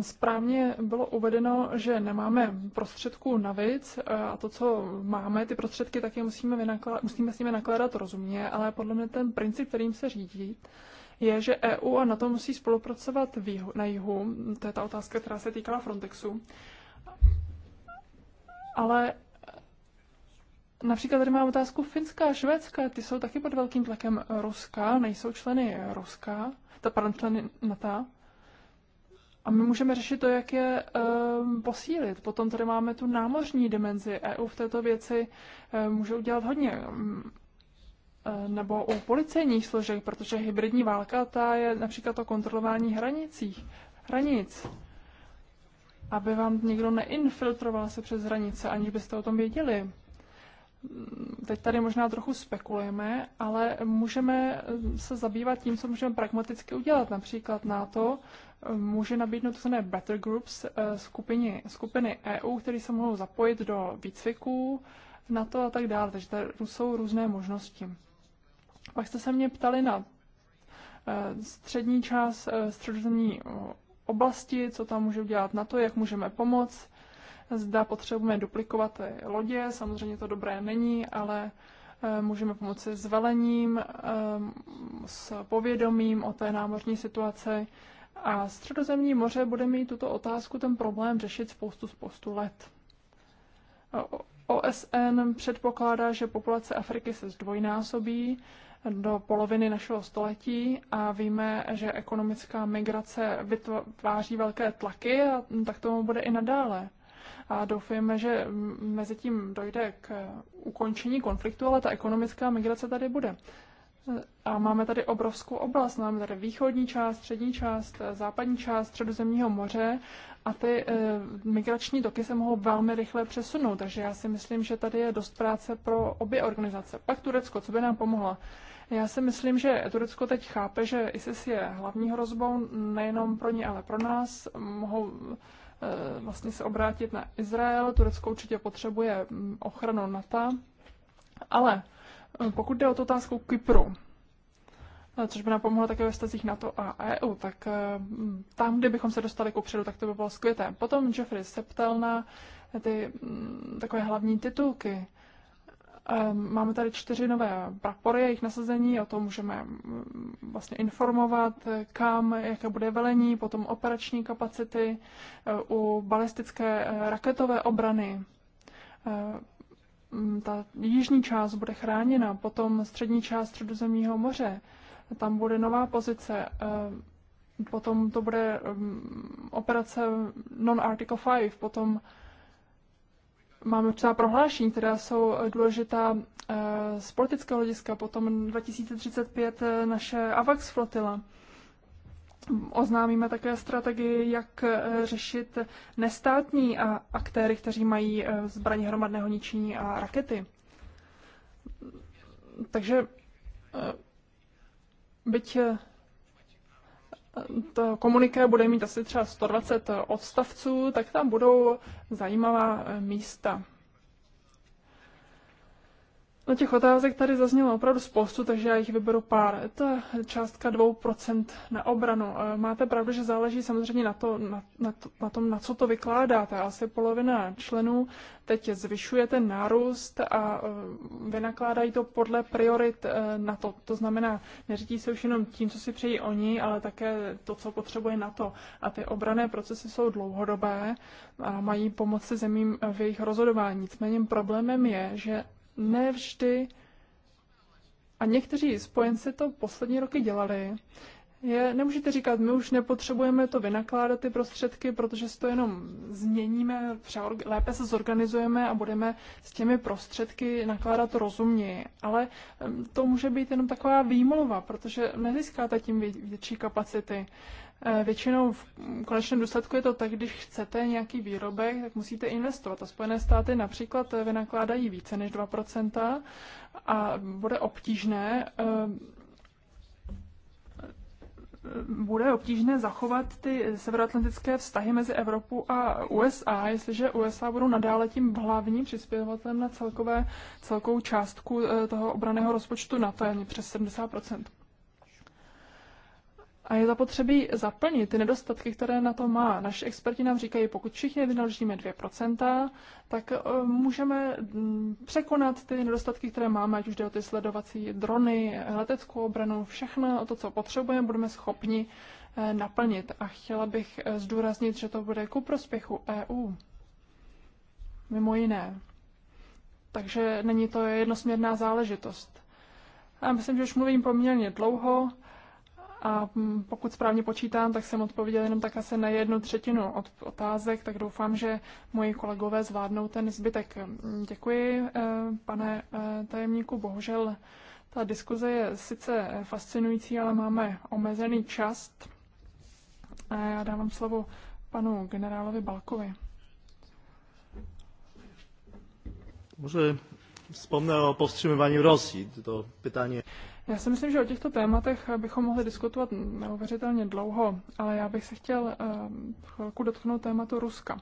správně bylo uvedeno, že nemáme prostředků navíc a to, co máme, ty prostředky taky musíme, vynakládat, musíme s nimi nakládat rozumně, ale podle mě ten princip, kterým se řídí, je, že EU a NATO musí spolupracovat výho, na jihu. To je ta otázka, která se týkala Frontexu. Ale Například tady mám otázku Finska a Švédska, ty jsou taky pod velkým tlakem Ruska, nejsou členy Ruska, ta pardon, členy NATO. A my můžeme řešit to, jak je um, posílit. Potom tady máme tu námořní dimenzi. EU v této věci um, může udělat hodně. Um, Eh, nebo u policejních složek, protože hybridní válka ta je například o kontrolování hranicích, hranic. Aby vám někdo neinfiltroval se přes hranice, aniž byste o tom věděli. Mm, teď tady možná trochu spekulujeme, ale můžeme eh, se zabývat tím, co můžeme pragmaticky udělat. Například NATO eh, může nabídnout tzv. better groups skupiny, skupiny EU, které se mohou zapojit do výcviků, na to a tak dále. Takže tady jsou různé možnosti. Pak jste se mě ptali na eh, střední část eh, středozemní oblasti, co tam může dělat na to, jak můžeme pomoct. Zda potřebujeme duplikovat lodě, samozřejmě to dobré není, ale eh, můžeme pomoci s velením, s povědomím o té námořní situaci. A středozemní moře bude mít tuto otázku, ten problém řešit spoustu, spoustu let. OSN předpokládá, že populace Afriky se zdvojnásobí, do poloviny našeho století a víme, že ekonomická migrace vytváří velké tlaky a tak tomu bude i nadále. A doufujeme, že mezi tím dojde k ukončení konfliktu, ale ta ekonomická migrace tady bude. A máme tady obrovskou oblast. Máme tady východní část, střední část, eh, západní část středozemního moře a ty e, migrační toky se mohou velmi rychle přesunout. Takže já si myslím, že tady je dost práce pro obě organizace. Pak Turecko, co by nám pomohlo? Já si myslím, že Turecko teď chápe, že ISIS je hlavní hrozbou nejenom pro ně, ale pro nás. Mohou e, vlastně se obrátit na Izrael. Turecko určitě potřebuje mm, ochranu NATO, ale Eh, pokud jde o tu otázku Kypru, eh, což by nám pomohlo také ve stazích NATO a EU, tak eh, tam, kde bychom se dostali kupředu, tak to by bylo skvělé. Potom Jeffrey se ptal na ty mm, takové hlavní titulky. Máme tady čtyři nové prapory, jejich nasazení, o tom můžeme mm, vlastně informovat, kam, jaké bude velení, potom operační kapacity u balistické raketové obrany, Mm, ta jižní část bude chráněna, potom střední část Středozemního moře, tam bude nová pozice, eh, potom to bude mm, operace Non-Article 5, potom máme třeba prohlášení, která jsou důležitá eh, z politického hlediska, potom 2035 eh, naše AVAX flotila. Oznámíme také strategii, jak eh, řešit nestátní a eh, aktéry, kteří mají eh, zbraně hromadného ničení a rakety. Takže byť to komuniké bude mít asi třeba 120 odstavců, tak tam budou zajímavá místa. No těch otázek tady zaznělo opravdu spoustu, takže já jich vyberu pár. To je částka 2% na obranu. E, máte pravdu, že záleží samozřejmě na, to, na, na, to, na tom, na co to vykládáte. Asi polovina členů teď zvyšuje ten nárůst a e, vynakládají to podle priorit e, na to. To znamená, neřídí se už jenom tím, co si přejí oni, ale také to, co potřebuje na to. A ty obrané procesy jsou dlouhodobé a mají pomoci zemím v jejich rozhodování. Nicméně problémem je, že ne vždy, a někteří spojenci to poslední roky dělali, je, nemůžete říkat, my už nepotřebujeme to vynakládat ty prostředky, protože si to jenom změníme, lépe se zorganizujeme a budeme s těmi prostředky nakládat rozumně. Ale to může být jenom taková výmluva, protože nezískáte tím větší kapacity. Eh, většinou v konečném důsledku je to tak, když chcete nějaký výrobek, tak musíte investovat. A Spojené státy například eh, vynakládají více než 2% a bude obtížné eh, bude obtížné zachovat ty severoatlantické vztahy mezi Evropou a USA, jestliže USA budou nadále tím hlavním přispěvatelem na celkové, celkovou částku toho obraného rozpočtu to, je přes 70 a je zapotřebí zaplnit ty nedostatky, které na to má. Naši experti nám říkají, pokud všichni vynaložíme 2%, tak e, můžeme překonat ty nedostatky, které máme, ať už jde o ty sledovací drony, leteckou obranu, všechno to, co potřebujeme, budeme schopni e, naplnit. A chtěla bych e, zdůraznit, že to bude ku prospěchu EU. Mimo jiné. Takže není to jednosměrná záležitost. A myslím, že už mluvím poměrně dlouho. A mm, pokud správně počítám, tak jsem odpověděl jenom tak asi na jednu třetinu od otázek, tak doufám, že moji kolegové zvládnou ten zbytek. Mm, děkuji, eh, pane eh, tajemníku. Bohužel ta diskuze je sice fascinující, ale máme omezený čas. A Já dávám slovo panu generálovi Balkovi. Může wspomnę o powstrzymywaniu Rosji. To pytanie. Já si myslím, že o těchto tématech eh, bychom mohli diskutovat neuvěřitelně dlouho, ale já bych se chtěl eh, chvilku dotknout tématu Ruska.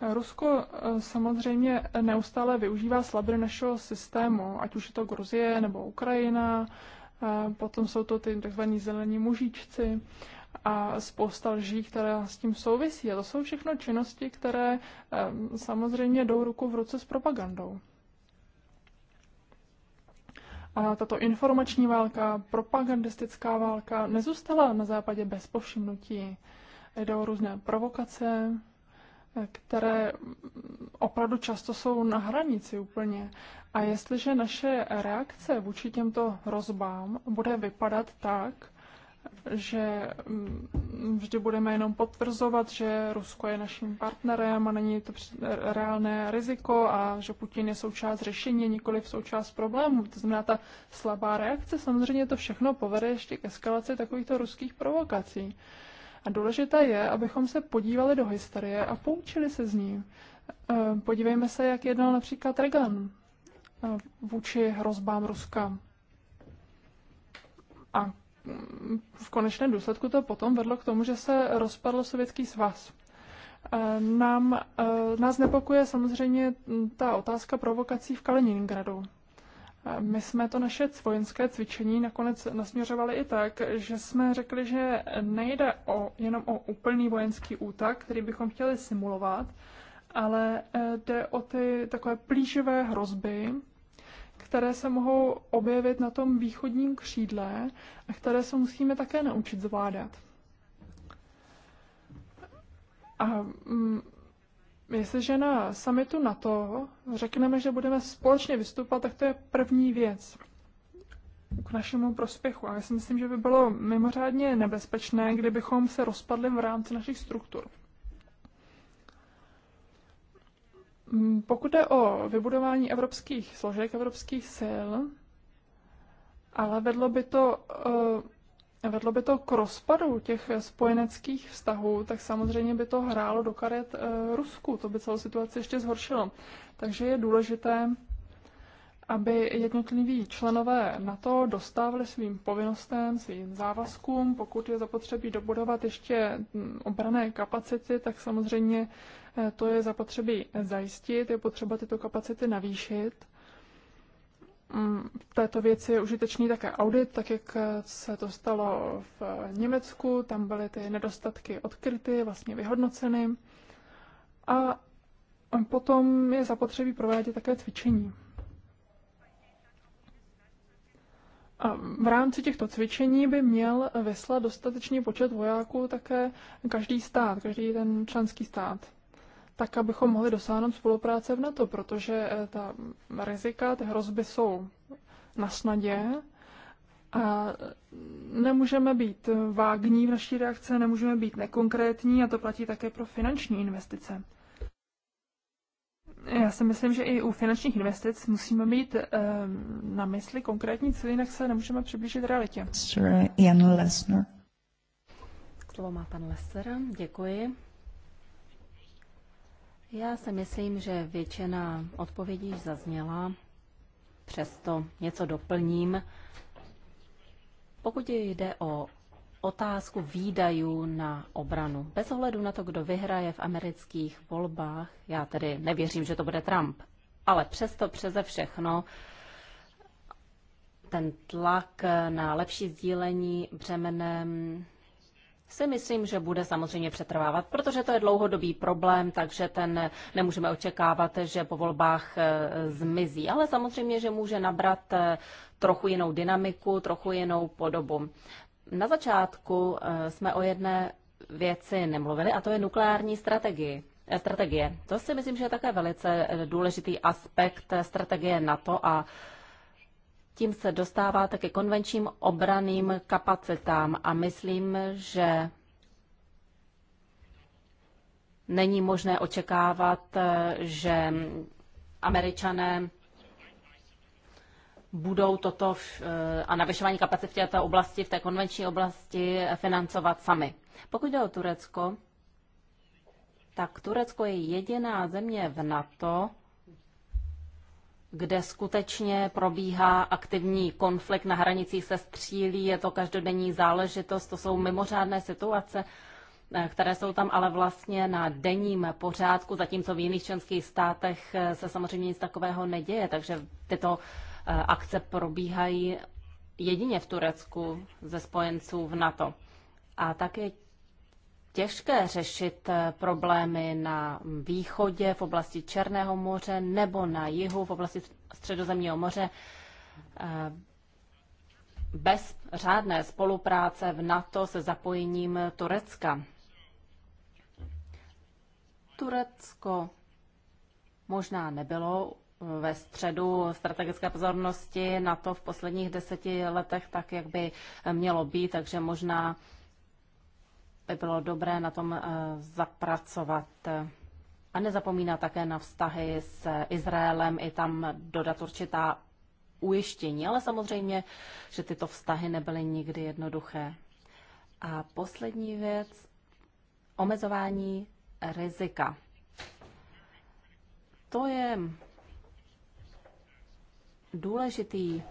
Eh, Rusko samozřejmě neustále využívá slabiny našeho systému, ať už je to Gruzie nebo Ukrajina, potom jsou to ty tzv. zelení mužičci a spousta lží, které s tím souvisí. A to jsou všechno činnosti, které samozřejmě jdou ruku v ruce s propagandou. A tato informační válka, propagandistická válka nezůstala na západě bez povšimnutí. Jde o různé provokace, které opravdu často jsou na hranici úplně. A jestliže naše reakce vůči těmto hrozbám bude vypadat tak, že mm, vždy budeme jenom potvrzovat, že Rusko je naším partnerem a není to reálné riziko a že Putin je součást řešení, nikoli v součást problémů. To znamená, ta slabá reakce samozřejmě to všechno povede ještě k eskalaci takovýchto ruských provokací. A důležité je, abychom se podívali do historie a poučili se z ní. Eh, podívejme se, jak jednal například Reagan eh, vůči hrozbám Ruska. A v konečném důsledku to potom vedlo k tomu, že se rozpadl Sovětský svaz. Eh, nám, eh, nás nepokuje samozřejmě ta otázka provokací v Kaliningradu. Eh, my jsme to naše vojenské cvičení nakonec nasměřovali i tak, že jsme řekli, že nejde o, jenom o úplný vojenský útak, který bychom chtěli simulovat, ale jde o ty takové plíživé hrozby, které se mohou objevit na tom východním křídle a které se musíme také naučit zvládat. A mm, jestliže na summitu NATO řekneme, že budeme společně vystupovat, tak to je první věc k našemu prospěchu. A já si myslím, že by bylo mimořádně nebezpečné, kdybychom se rozpadli v rámci našich struktur. Mm, pokud jde o vybudování evropských složek, evropských sil, ale vedlo by to eh, vedlo by to k rozpadu těch spojeneckých vztahů, tak samozřejmě by to hrálo do karet eh, Rusku. To by celou situaci ještě zhoršilo. Takže je důležité, aby jednotliví členové NATO dostávali svým povinnostem, svým závazkům. Pokud je zapotřebí dobudovat ještě mm, obrané kapacity, tak samozřejmě to je zapotřebí zajistit, je potřeba tyto kapacity navýšit. Mm, v této věci je užitečný také audit, tak jak se to stalo v Německu, tam byly ty nedostatky odkryty, vlastně vyhodnoceny. A potom je zapotřebí provádět také cvičení. A v rámci těchto cvičení by měl vyslat dostatečný počet vojáků také každý stát, každý ten členský stát tak abychom mohli dosáhnout spolupráce v NATO, protože eh, ta rizika, ty hrozby jsou na snadě a nemůžeme být vágní v naší reakce, nemůžeme být nekonkrétní a to platí také pro finanční investice. Já si myslím, že i u finančních investic musíme mít eh, na mysli konkrétní cíl, jinak se nemůžeme přiblížit realitě. Jan Lesner. Slovo má pan Lesner. Děkuji. Já si myslím, že většina odpovědí zazněla, přesto něco doplním. Pokud jde o otázku výdajů na obranu, bez ohledu na to, kdo vyhraje v amerických volbách, já tedy nevěřím, že to bude Trump, ale přesto přeze všechno ten tlak na lepší sdílení břemenem si myslím, že bude samozřejmě přetrvávat, protože to je dlouhodobý problém, takže ten nemůžeme očekávat, že po volbách e, zmizí. Ale samozřejmě, že může nabrat e, trochu jinou dynamiku, trochu jinou podobu. Na začátku e, jsme o jedné věci nemluvili, a to je nukleární strategii. Strategie. To si myslím, že je také velice důležitý aspekt strategie NATO a tím se dostáváte ke konvenčním obraným kapacitám a myslím, že není možné očekávat, že američané budou toto eh, a navyšování kapacit v této oblasti, v té konvenční oblasti eh, financovat sami. Pokud jde o Turecko, tak Turecko je jediná země v NATO, kde skutečně probíhá aktivní konflikt, na hranicích se střílí, je to každodenní záležitost, to jsou mimořádné situace, eh, které jsou tam ale vlastně na denním pořádku, zatímco v jiných členských státech eh, se samozřejmě nic takového neděje, takže tyto eh, akce probíhají jedině v Turecku ze spojenců v NATO. A také těžké řešit eh, problémy na východě v oblasti Černého moře nebo na jihu v oblasti Středozemního moře eh, bez řádné spolupráce v NATO se zapojením Turecka. Turecko možná nebylo ve středu strategické pozornosti na to v posledních deseti letech tak, jak by mělo být, takže možná by bylo dobré na tom eh, zapracovat. Eh, a nezapomíná také na vztahy s Izraelem, i tam dodat určitá ujištění, ale samozřejmě, že tyto vztahy nebyly nikdy jednoduché. A poslední věc, omezování rizika. To je důležitý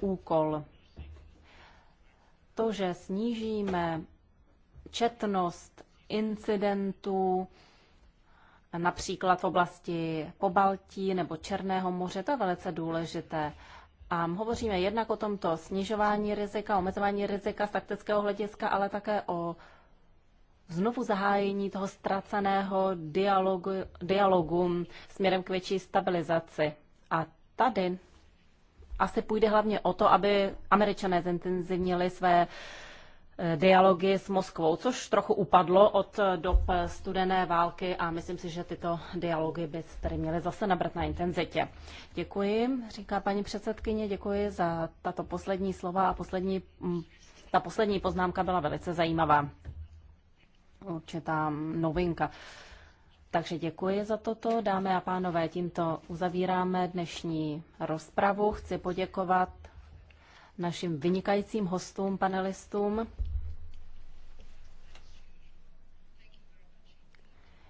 úkol. To, že snížíme četnost incidentů, například v oblasti Pobaltí nebo Černého moře, to je velice důležité. A hovoříme jednak o tomto snižování rizika, omezování rizika z taktického hlediska, ale také o znovu zahájení toho ztraceného dialogu, dialogu směrem k větší stabilizaci. A tady asi půjde hlavně o to, aby američané zintenzivnili své Eh, dialogy s Moskvou, což trochu upadlo od eh, dob eh, studené války a myslím si, že tyto dialogy by tedy měly zase nabrat na intenzitě. Děkuji, říká paní předsedkyně, děkuji za tato poslední slova a poslední, mm, ta poslední poznámka byla velice zajímavá. Určitá novinka. Takže děkuji za toto. Dámy a pánové, tímto uzavíráme dnešní rozpravu. Chci poděkovat našim vynikajícím hostům, panelistům.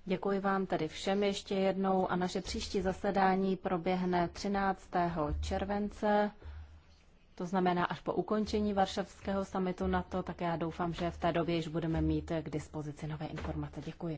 Děkuji vám tedy všem ještě jednou a naše příští zasedání proběhne 13. července, to znamená až po ukončení Varšavského samitu NATO, tak já doufám, že v té době již budeme mít k dispozici nové informace. Děkuji.